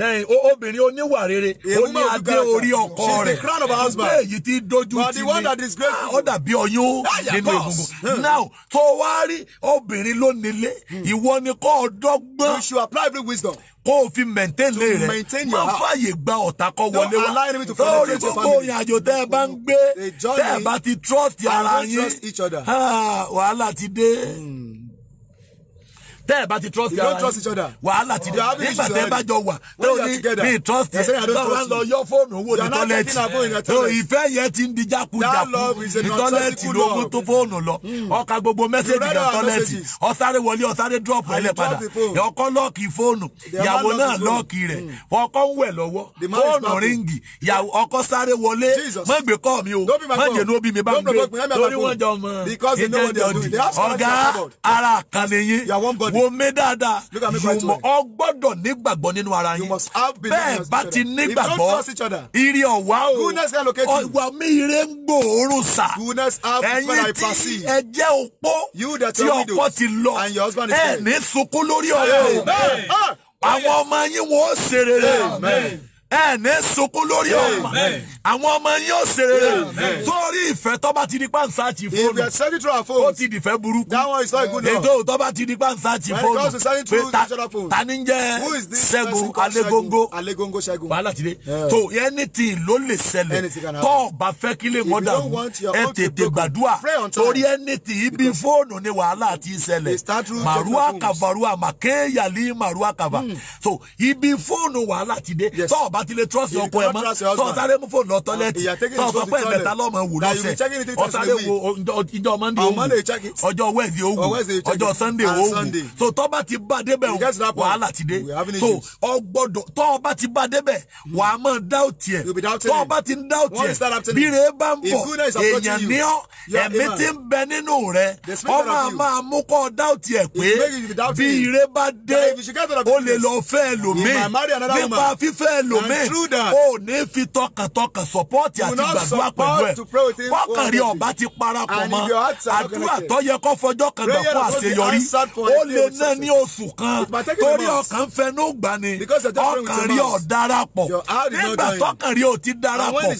eh, obìnrin oníwà rere oníwà adé orí ọkọ rẹ̀ pé èyí ti dojú ti mi ah, ó dàbí ọyún ah, nínú egungun hmm. now tó wá rí obìnrin lónílé hmm. ìwọ ni kó dọ́gbọ́n. you should apply every wisdom kó o fi maintain lé rẹ má fààyè gba ọ̀tá kọ́ wọlé wa lórí gbogbo ìrìnàjò tẹ́ ẹ bá ń gbé tẹ́ ẹ bá ti trust ara yín ah, wàhálà ti dé. Hmm tẹ́ ẹ bá ti trust each other wàhálà ti dé nígbà tẹ́ ẹ bá jọ wà tó ní mi trust yẹ báwa lọ yọ fóònù owó ní tọ́lẹ́tì tó ìfẹ́ yẹn ti ń di jákujàku ní tọ́lẹ́tì lógún tó fóònù lọ hmm. ọkà gbogbo mẹ́sẹ̀gì lọ tọ́lẹ́tì ọ̀sáré wọlé ọ̀sáré drop ẹlẹ́ padà ọkọ lọ́ọ̀kì fóònù ìyàwó náà lọ́ọ̀kì rẹ̀ hmm. ọkọ ń wẹ̀ lọ́wọ́ fóònù ríngì ọkọ sáré wọlé mọ̀gbẹ́ kọ́ mi o mọ̀jẹ̀ ní obì mi bá ń gbé torí wọ́n jọ mọ̀ ẹ̀jẹ̀ ọ̀gá ara àkàlẹ̀ yín wò mí dáadáa yùmọ̀ ọ gbọ́dọ̀ nígbàgbọ́ nínú ara yín bẹ́ẹ̀ bá ti nígbàgbọ́ ire ọ̀wá o ọ̀wá mi ire ń gbòòrùn sà ẹ̀yin tí ẹ jẹ́ opó tí ọkọ ti lọ ẹ̀ ní sunkún lórí ọ̀rọ̀ àwọn ọmọ yín wọ́n ṣe rere ẹ ní sunkún lórí ọmọ àwọn ọmọ yín ó ṣe rere torí ìfẹ́ tó bá ti di pàǹsá àti fóònù ó ti di ìfẹ́ burúkú ètò tó bá ti di pàǹsá àti fóònù pé ta ni ń jẹ́ Ṣẹ́gun Alégongo wàhálà ti dé tó anything ló lè ṣẹlẹ̀ tó o bá fẹ́ kí lè mọ́dà ẹ tètè gbàdúrà torí anything ibi fóònù ni wàhálà ti ṣẹlẹ̀ màrúwà kàbàrúwà màkéyàlí màrúwà kàbà tó hmm. ibi fóònù wàhálà ti dé tó o bá bá ti lè trust ọkọ ẹ mọ́ tó mú fóònù lọ tọ́lẹ́tì tó lọ́mọ wò lọ́sẹ̀ ọ̀sáré wo ìjọ Monday òwú ọjọ́ Wednesday òwú ọjọ́ Sunday òwú ah, so tó ti bá débẹ̀ wàhálà ti dé so ọgbọ́dọ̀ tó ti bá débẹ̀ hmm. wà á máa dá ẹ̀ tó ti ń dá ẹ̀ bí bá ń bọ̀ èèyàn ní ọ́ ẹ̀mí ti ń bẹ nínú rẹ̀ ọmọ àmọ́ àmúkọ́ dá ẹ̀ pé bí ire bá dé o lè lọ fẹ́ ẹlòmíì nípa fífẹ́ ẹlòmíì àmín o ní fi tọkàntọkàn sọpọ́ọ̀tì àti gbàdúrà pẹ̀lú ẹ̀ kọ́kàn rí ọba ti parapọ̀ mọ́ àdúrà tó yẹ kó fọjọ́ kan gbà fún àṣeyọrí ó lè ná ní oṣù kan torí ọkàn fẹnú gbani ọkàn ọ̀ darapọ̀ nígbà tọkàn rí ti darapọ̀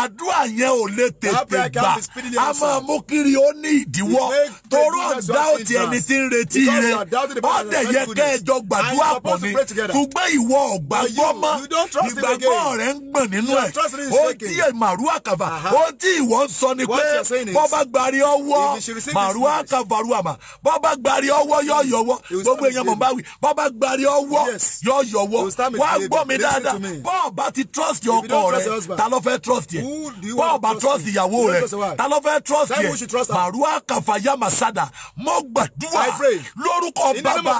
àdúrà yẹn ò lè tètè gbà a máa mú kiri ó ní ìdíwọ́ torọ́ ọ̀dá ò ti ẹni tí ń retí rẹ ọ̀dẹ̀ yẹ kẹ́ ẹ gbàdúrà pọ̀ ni ṣùgbọ́n ìwọ ọ̀gbàgbọ́ mọ́ ìgbàgbọ́ rẹ̀ ń gbọ̀n nínú ẹ̀ ó tí màrú àkàfà ó tí ìwọ ń sọ ni pé bọ́bá gbari ọwọ́ màrú àkàfà ru àmà bọ́bá gbari ọwọ́ hmm. yọ gbogbo èèyàn mọ̀ bá bọ́bá gbari ọwọ́ yọ yọwọ́ gbọ́ mi dáadáa bọ́ọ̀bá ti trust ọkọ rẹ̀ ta ló fẹ́ trust yẹ bọ́ọ̀bá trust ìyàwó rẹ̀ ta ló fẹ́ trust yẹ màrú àkàfà yá màsádà mọ́ gbàdúrà lórúkọ bàbá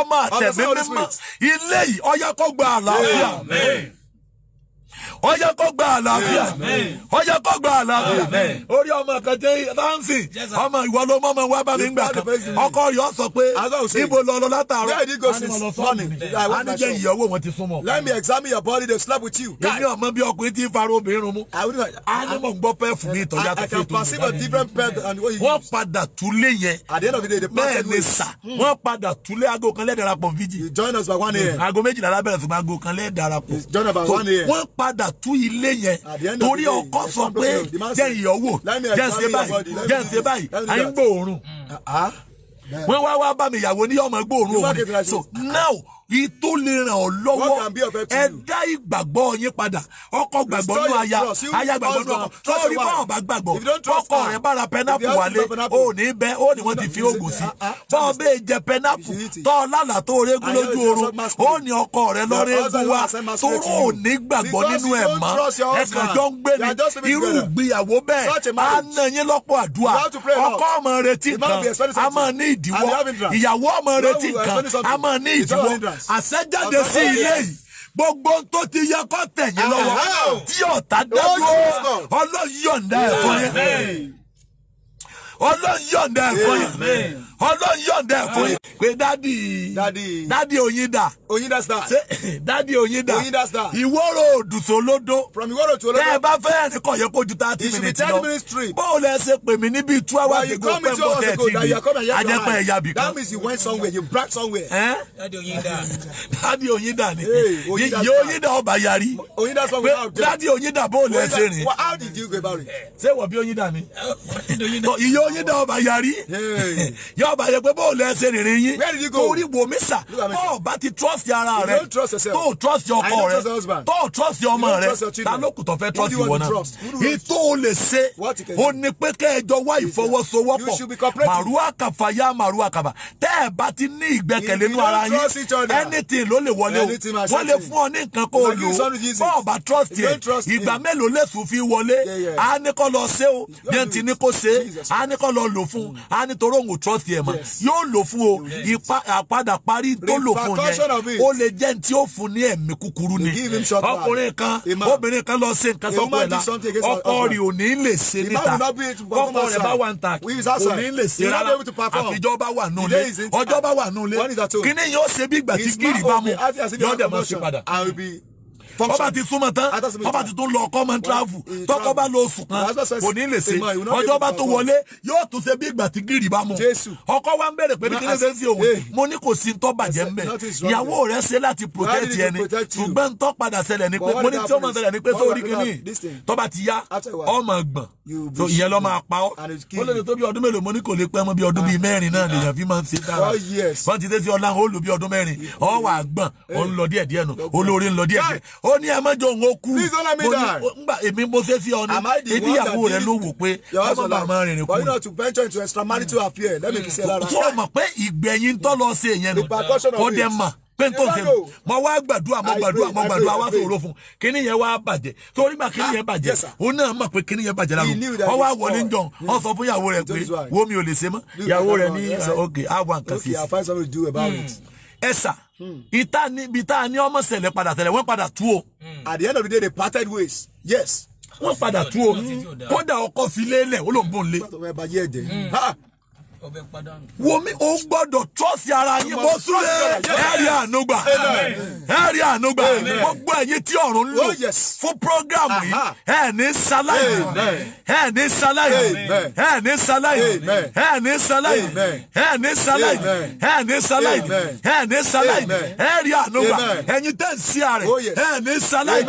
ọmọ àtẹ̀mẹ́mẹ́mọ́ ilé yìí ọyá kó gba àlàáfíà ó yẹ kó gba àlàáfíà ó yẹ kó gba àlàáfíà orí ọmọ kan tẹ ránsì ọmọ ìwọ ló mọ ọmọ wa bá mi gbà ọkọ rẹ ọ sọ pé ibo lọ lọ látàárọ̀ a ní jẹ ìyàwó wọn ti súnmọ́. let me examine your body they slap with you. èmi ọmọ bí ọkùnrin ti ń fara obìnrin mu a ní mọ̀ ń gbọ́ pẹ́ẹ̀fù ní ìtọ́jà tó fi tó wọ́n padà túlé yẹn bẹ́ẹ̀ ni sà hmm. wọ́n padà túlé aago kan lẹ́ẹ̀darapọ̀ fíjì aago méjìlá lábẹ́rẹ̀ fún aago kan lẹ́ẹ̀darapọ̀ wọ́n padà padà tú ilé yẹn torí ọkọ sọ pé oh, jẹ́ ìyọ́wò jẹ́ ṣe báyìí jẹ́ ṣe báyìí à ń gbòòrùn wọ́n wá wá bá mi ìyàwó ní ọmọ gbòòrùn òun so now ìtò lè ràn ọ́ lọ́wọ́ ẹ dá ìgbàgbọ́ yín padà ọkọ gbàgbọ́ ní aya aya gbàgbọ́ ní ọkọ sọ́ọ́rí báwọn bá gbàgbọ́ ọkọ rẹ̀ bára pẹ́nápù wálé ó ní bẹ́ ó ní wọ́n ti fi oògùn sí bọ́ọ̀ bẹ́ẹ̀ jẹ pẹ́nápù tọ́ lálàá tó régún lójú oorun ó ní ọkọ rẹ̀ lọ régún wá tó ó ní gbàgbọ́ nínú ẹ̀ mọ́ ẹ kàn jọ ń gbé ni irú ìgbéyàwó bẹ́ẹ̀ á ná yín lọ́pọ̀ àdúrà ọkọ ọmọ retí kan a máa ní ìdíwọ́ ìyàwó ọmọ retí kan a máa ní ìdíwọ́ àṣẹjáde sí ilé yìí gbogbo tó ti yẹ kó tẹ̀yìn lọ́wọ́ tí ọ̀tá dẹ́gbó ọlọ́yọ̀ǹda ẹ̀fọ́ yẹn ọlọ́yọ̀ǹda ẹ̀fọ́ yẹn ọlọ́run yọ̀ǹda ẹ̀ fún yín pé dádì dádì Oyinda Oyinda star ṣe dádì Oyinda Oyinda star ìwọ́rọ̀ òdù tó lódó from ìwọ́rọ̀ tó lódó bẹ́ẹ̀ bá fẹ́ ẹ̀rín kọ̀ yẹ kó ju thirty minutes lọ báwo lẹ ṣe pè mí níbi two hours ago pẹ́ mọ́ tẹ̀ tí mi ajẹ́pẹ́ ẹ̀yà bìkan. that means you went somewhere you brought somewhere. Eh? dádì Oyinda dádì Oyinda ni yìí Oyinda ọba yarí pé dádì Oyinda báwo lẹ ṣe rìn. how did you go about it. ṣé wọ̀ bí Oyinda ni iye Oyinda ọba yarí yọba yẹ pé bó lẹ ṣe rìnrìn yín torí wò mí sà tó o bá ti trust ara rẹ tó o trust ọkọ rẹ tó o trust ọmọ rẹ ta ló kùtọ̀ fẹ́ trust ìwọ náà ìtò o lè ṣe o ní pé kẹjọ wá ìfọwọ́sowọ́pọ̀ màrúwà kàfà yá màrúwà kàfà tẹ́ ẹ bá ti ní ìgbẹ́kẹ̀lé nú ara yín anything ló lè wọlé o wọ́n lè fún ọ ní nǹkan kó o lò ó bọ́ọ̀ bá trust yẹ ìgbà mélòó lẹ́sùn fi wọlé á ní kọ́ lọ ṣe o bí ẹ ti ní kó ṣe á ní kọ́ lọ lò fún á ní torí òun ò trust yẹ ẹ̀ mọ́ yóò lò fún o ipa àpadà parí tó lò fún yẹn ó lè jẹ́ ní tí ó fún ní ẹ̀mí kúkúrú ni ọkùnrin kan obìnrin kan lọ ṣe nǹkan sọ́kọ ẹ̀ la ọkọ rẹ̀ ò ní lè ṣe níta ọkọ rẹ̀ bá wà níta kò ní lè ṣe rárá àfijọ́ bá wà nulẹ̀ ọjọ́ bá wà nulẹ̀ kíní yóò ṣe bí ìgbà gírì bá mu yọ̀ọ́ dẹ̀ mọ́ sí padà ọba ti súnmọ́ tán ọba ti tún lọ ọkọ máa ń travel tọkọ bá lọ oṣù kan kò ní lè ṣe ọjọ́ bá tó wọlé yóò tún ṣe bí ìgbà tí gírì bá mú ọkọ wa ń bèrè pé kílódé ṣe ń fi òun eh. mo ní kò sí ń tọ́ bàjẹ́ ń bẹ̀ ìyàwó rẹ̀ ṣe láti protect ẹni ṣùgbọ́n ń tọ́ padà ṣẹlẹ̀ ni pé mo ní tí ó máa ṣẹlẹ̀ ni pé sórí kìíní tọ́ba ti yá ọmọ gbọ̀n ìyẹn lọ́ máa pa ọ́ ó lè tó bí ọdún mélòó mo ní kò lè pẹ́ mọ́ bí ọdún bíi ah. mẹ́rin náà lèèyàn ah. fi máa ń ṣe dára wọ́n oh, ti dé sí ọlá ó lò bí ọdún mẹ́rin ọ̀ wà gbọ̀n ó ń eh. lọ díẹ̀díẹ̀ nù ó ní ẹ mọ́jọ òun ó kú mo ní ngbà èmi mo fẹ́ fi ọ ni ebi ìyàwó rẹ ló wò pé ọmọ bàbá rìn rìn kú. but you know to venture into extramarital hmm. affair let me fi ṣe lára. tó o mọ̀ pé ìgbẹ̀yìn tó lọ ṣe yẹn nù kó dẹ̀ mà pé n tó ṣe nù mo wá gbàdúrà mo gbàdúrà mo gbàdúrà wá fòrò fún kíní yẹn wá bàjẹ́ torí gbà kíní ah, yẹn bàjẹ́ òun náà mọ̀ pé kíní yẹn bàjẹ́ lárò ọ wá wọlé ń jọun ọ sọ fún ìyàwó rẹ pé wo mi ò lè ṣe mọ́ ìyàwó rẹ ní ok á wà nǹkan sí i. ẹ sà Hmm. ìta ni tá ni ní ọmọ ṣẹlẹ̀ padà tẹ̀lẹ̀ wọ́n padà tú o. Hmm. at the end of the day they parted ways yes. wọ́n padà tú o hmm. kódà ọkọ fi lélẹ̀ ó ló lé wòmí o gbọ́dọ̀ tọ́sí ara yín bó súlẹ̀ ẹ̀rí ànúgbà ẹ̀rí ànúgbà gbogbo ẹ̀yin tí ọ̀run ń lò oh, fún prógrámù yìí ẹ̀ ní sáláì ẹ̀ ní sáláì ẹ̀ ní sáláì ẹ̀ ní sáláì ẹ̀ ní sáláì ẹ̀ ní sáláì ẹ̀ ní sáláì ẹ̀rí ànúgbà ẹ̀yin tẹ́ ń sí ààrẹ oh, ẹ̀ ní sáláì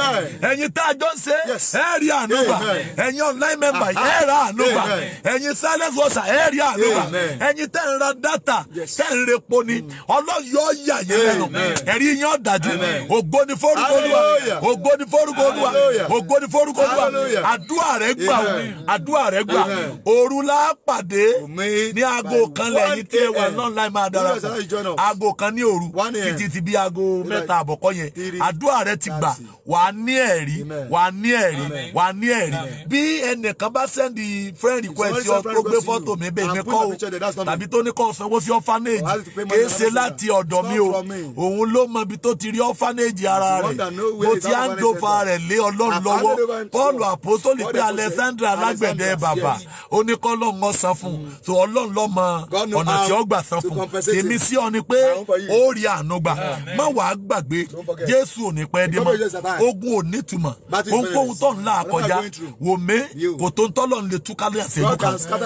online member ẹ̀rí ànúgbà ẹ̀yin silence worship ẹ̀rí ànúgbà. ẹ̀yin tẹ́ ń ra dátà tẹ́ ń repo ni mm. ọlọ́yọ̀ yà yín lẹ́nu ẹ̀rí yín ọ̀dájú ògo ni forúkọ Olúwa ògo ni forúkọ Olúwa ògo ni forúkọ kan lẹ́yìn tí ẹ wà máa aago kan ní òru títí ti bí aago mẹ́ta àbọ̀kọ́ yẹn àdúrà rẹ ti gbà wà á ní ẹ̀rí wà á ní ẹ̀rí wà request tó gbé fọ́tò mi o. tàbí tó ní kó sanwó sí orphanage kì í ṣe láti ọ̀dọ̀ mi o òun ló mọ ibi tó ti rí orphanage ara rẹ̀ mo ti á ń dofa rẹ̀ lé ọlọ́run lọ́wọ́ paul apostoli pé alexandra alágbẹ̀dẹ bàbá ó ní kọ́ lọ́n ń san fún un tó mm. ọlọ́run lọ́mọ ọ̀nà tí ó gbà san fún un tèmi sí ọ ni pé ó rí àánú gbà má wàá gbàgbé jésù ò ní pẹ́ dé mọ́ ogun ò nítumọ̀ ohunkóhun tó ń là kọjá wò mí kò tó ń tọ́lọ̀ ń lè túkálẹ̀ àṣẹ́yìn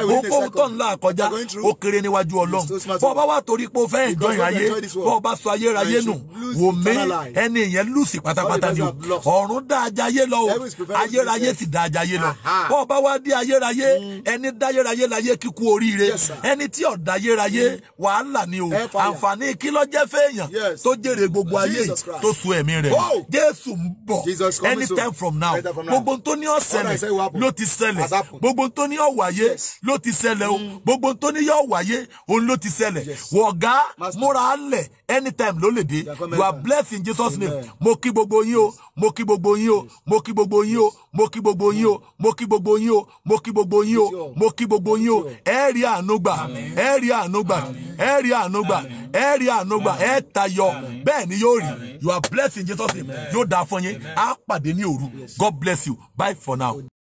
ohunkóhun tó ń là kọjá ó kéré níwájú ọlọ́run bọ́ ọba wa torí pé o fẹ́ ìjọ ìráyé bọ́ ọba sọ ayérayé nù wò mí ẹni ìyẹn lùsì pátápátá ni o ọ̀run dá ajayé lọ o ayérayé sì dá ajayé lọ bọ́ ọba wa dé ayérayé mm. ẹni dá ayérayé láyé kíkú oríire ẹni tí ò dá ayérayé mm. wàhálà ni o àǹfààní kí ló jẹ́ fẹ́yàn tó jèrè gbogbo ayé tó sun ẹ̀mí rẹ̀ jésù ń bọ̀ anytime from now gbogbo tó ní ó ló ti ṣẹlẹ̀ gbogbo tó ní ó ló ti ṣẹlẹ̀ o mm. gbogbo tó ní ní yóò wáyé òun ló ti ṣẹlẹ̀ wọ̀gá múra lẹ̀ anytime ló lè dé you are blessed in Jesus name mo kí gbogbo yín o mo kí gbogbo yín o mo kí gbogbo yín o mo kí gbogbo yín o mo kí gbogbo yín o mo kí gbogbo yín o mo kí gbogbo yín o ẹ rí àánú gbà ẹ rí àánú gbà ẹ rí àánú gbà ẹ rí àánú gbà ẹ tayọ bẹ́ẹ̀ ni yóò rí you are blessed in Jesus name yóò dáa fún yín á pàdé ní òru God bless you bye for now.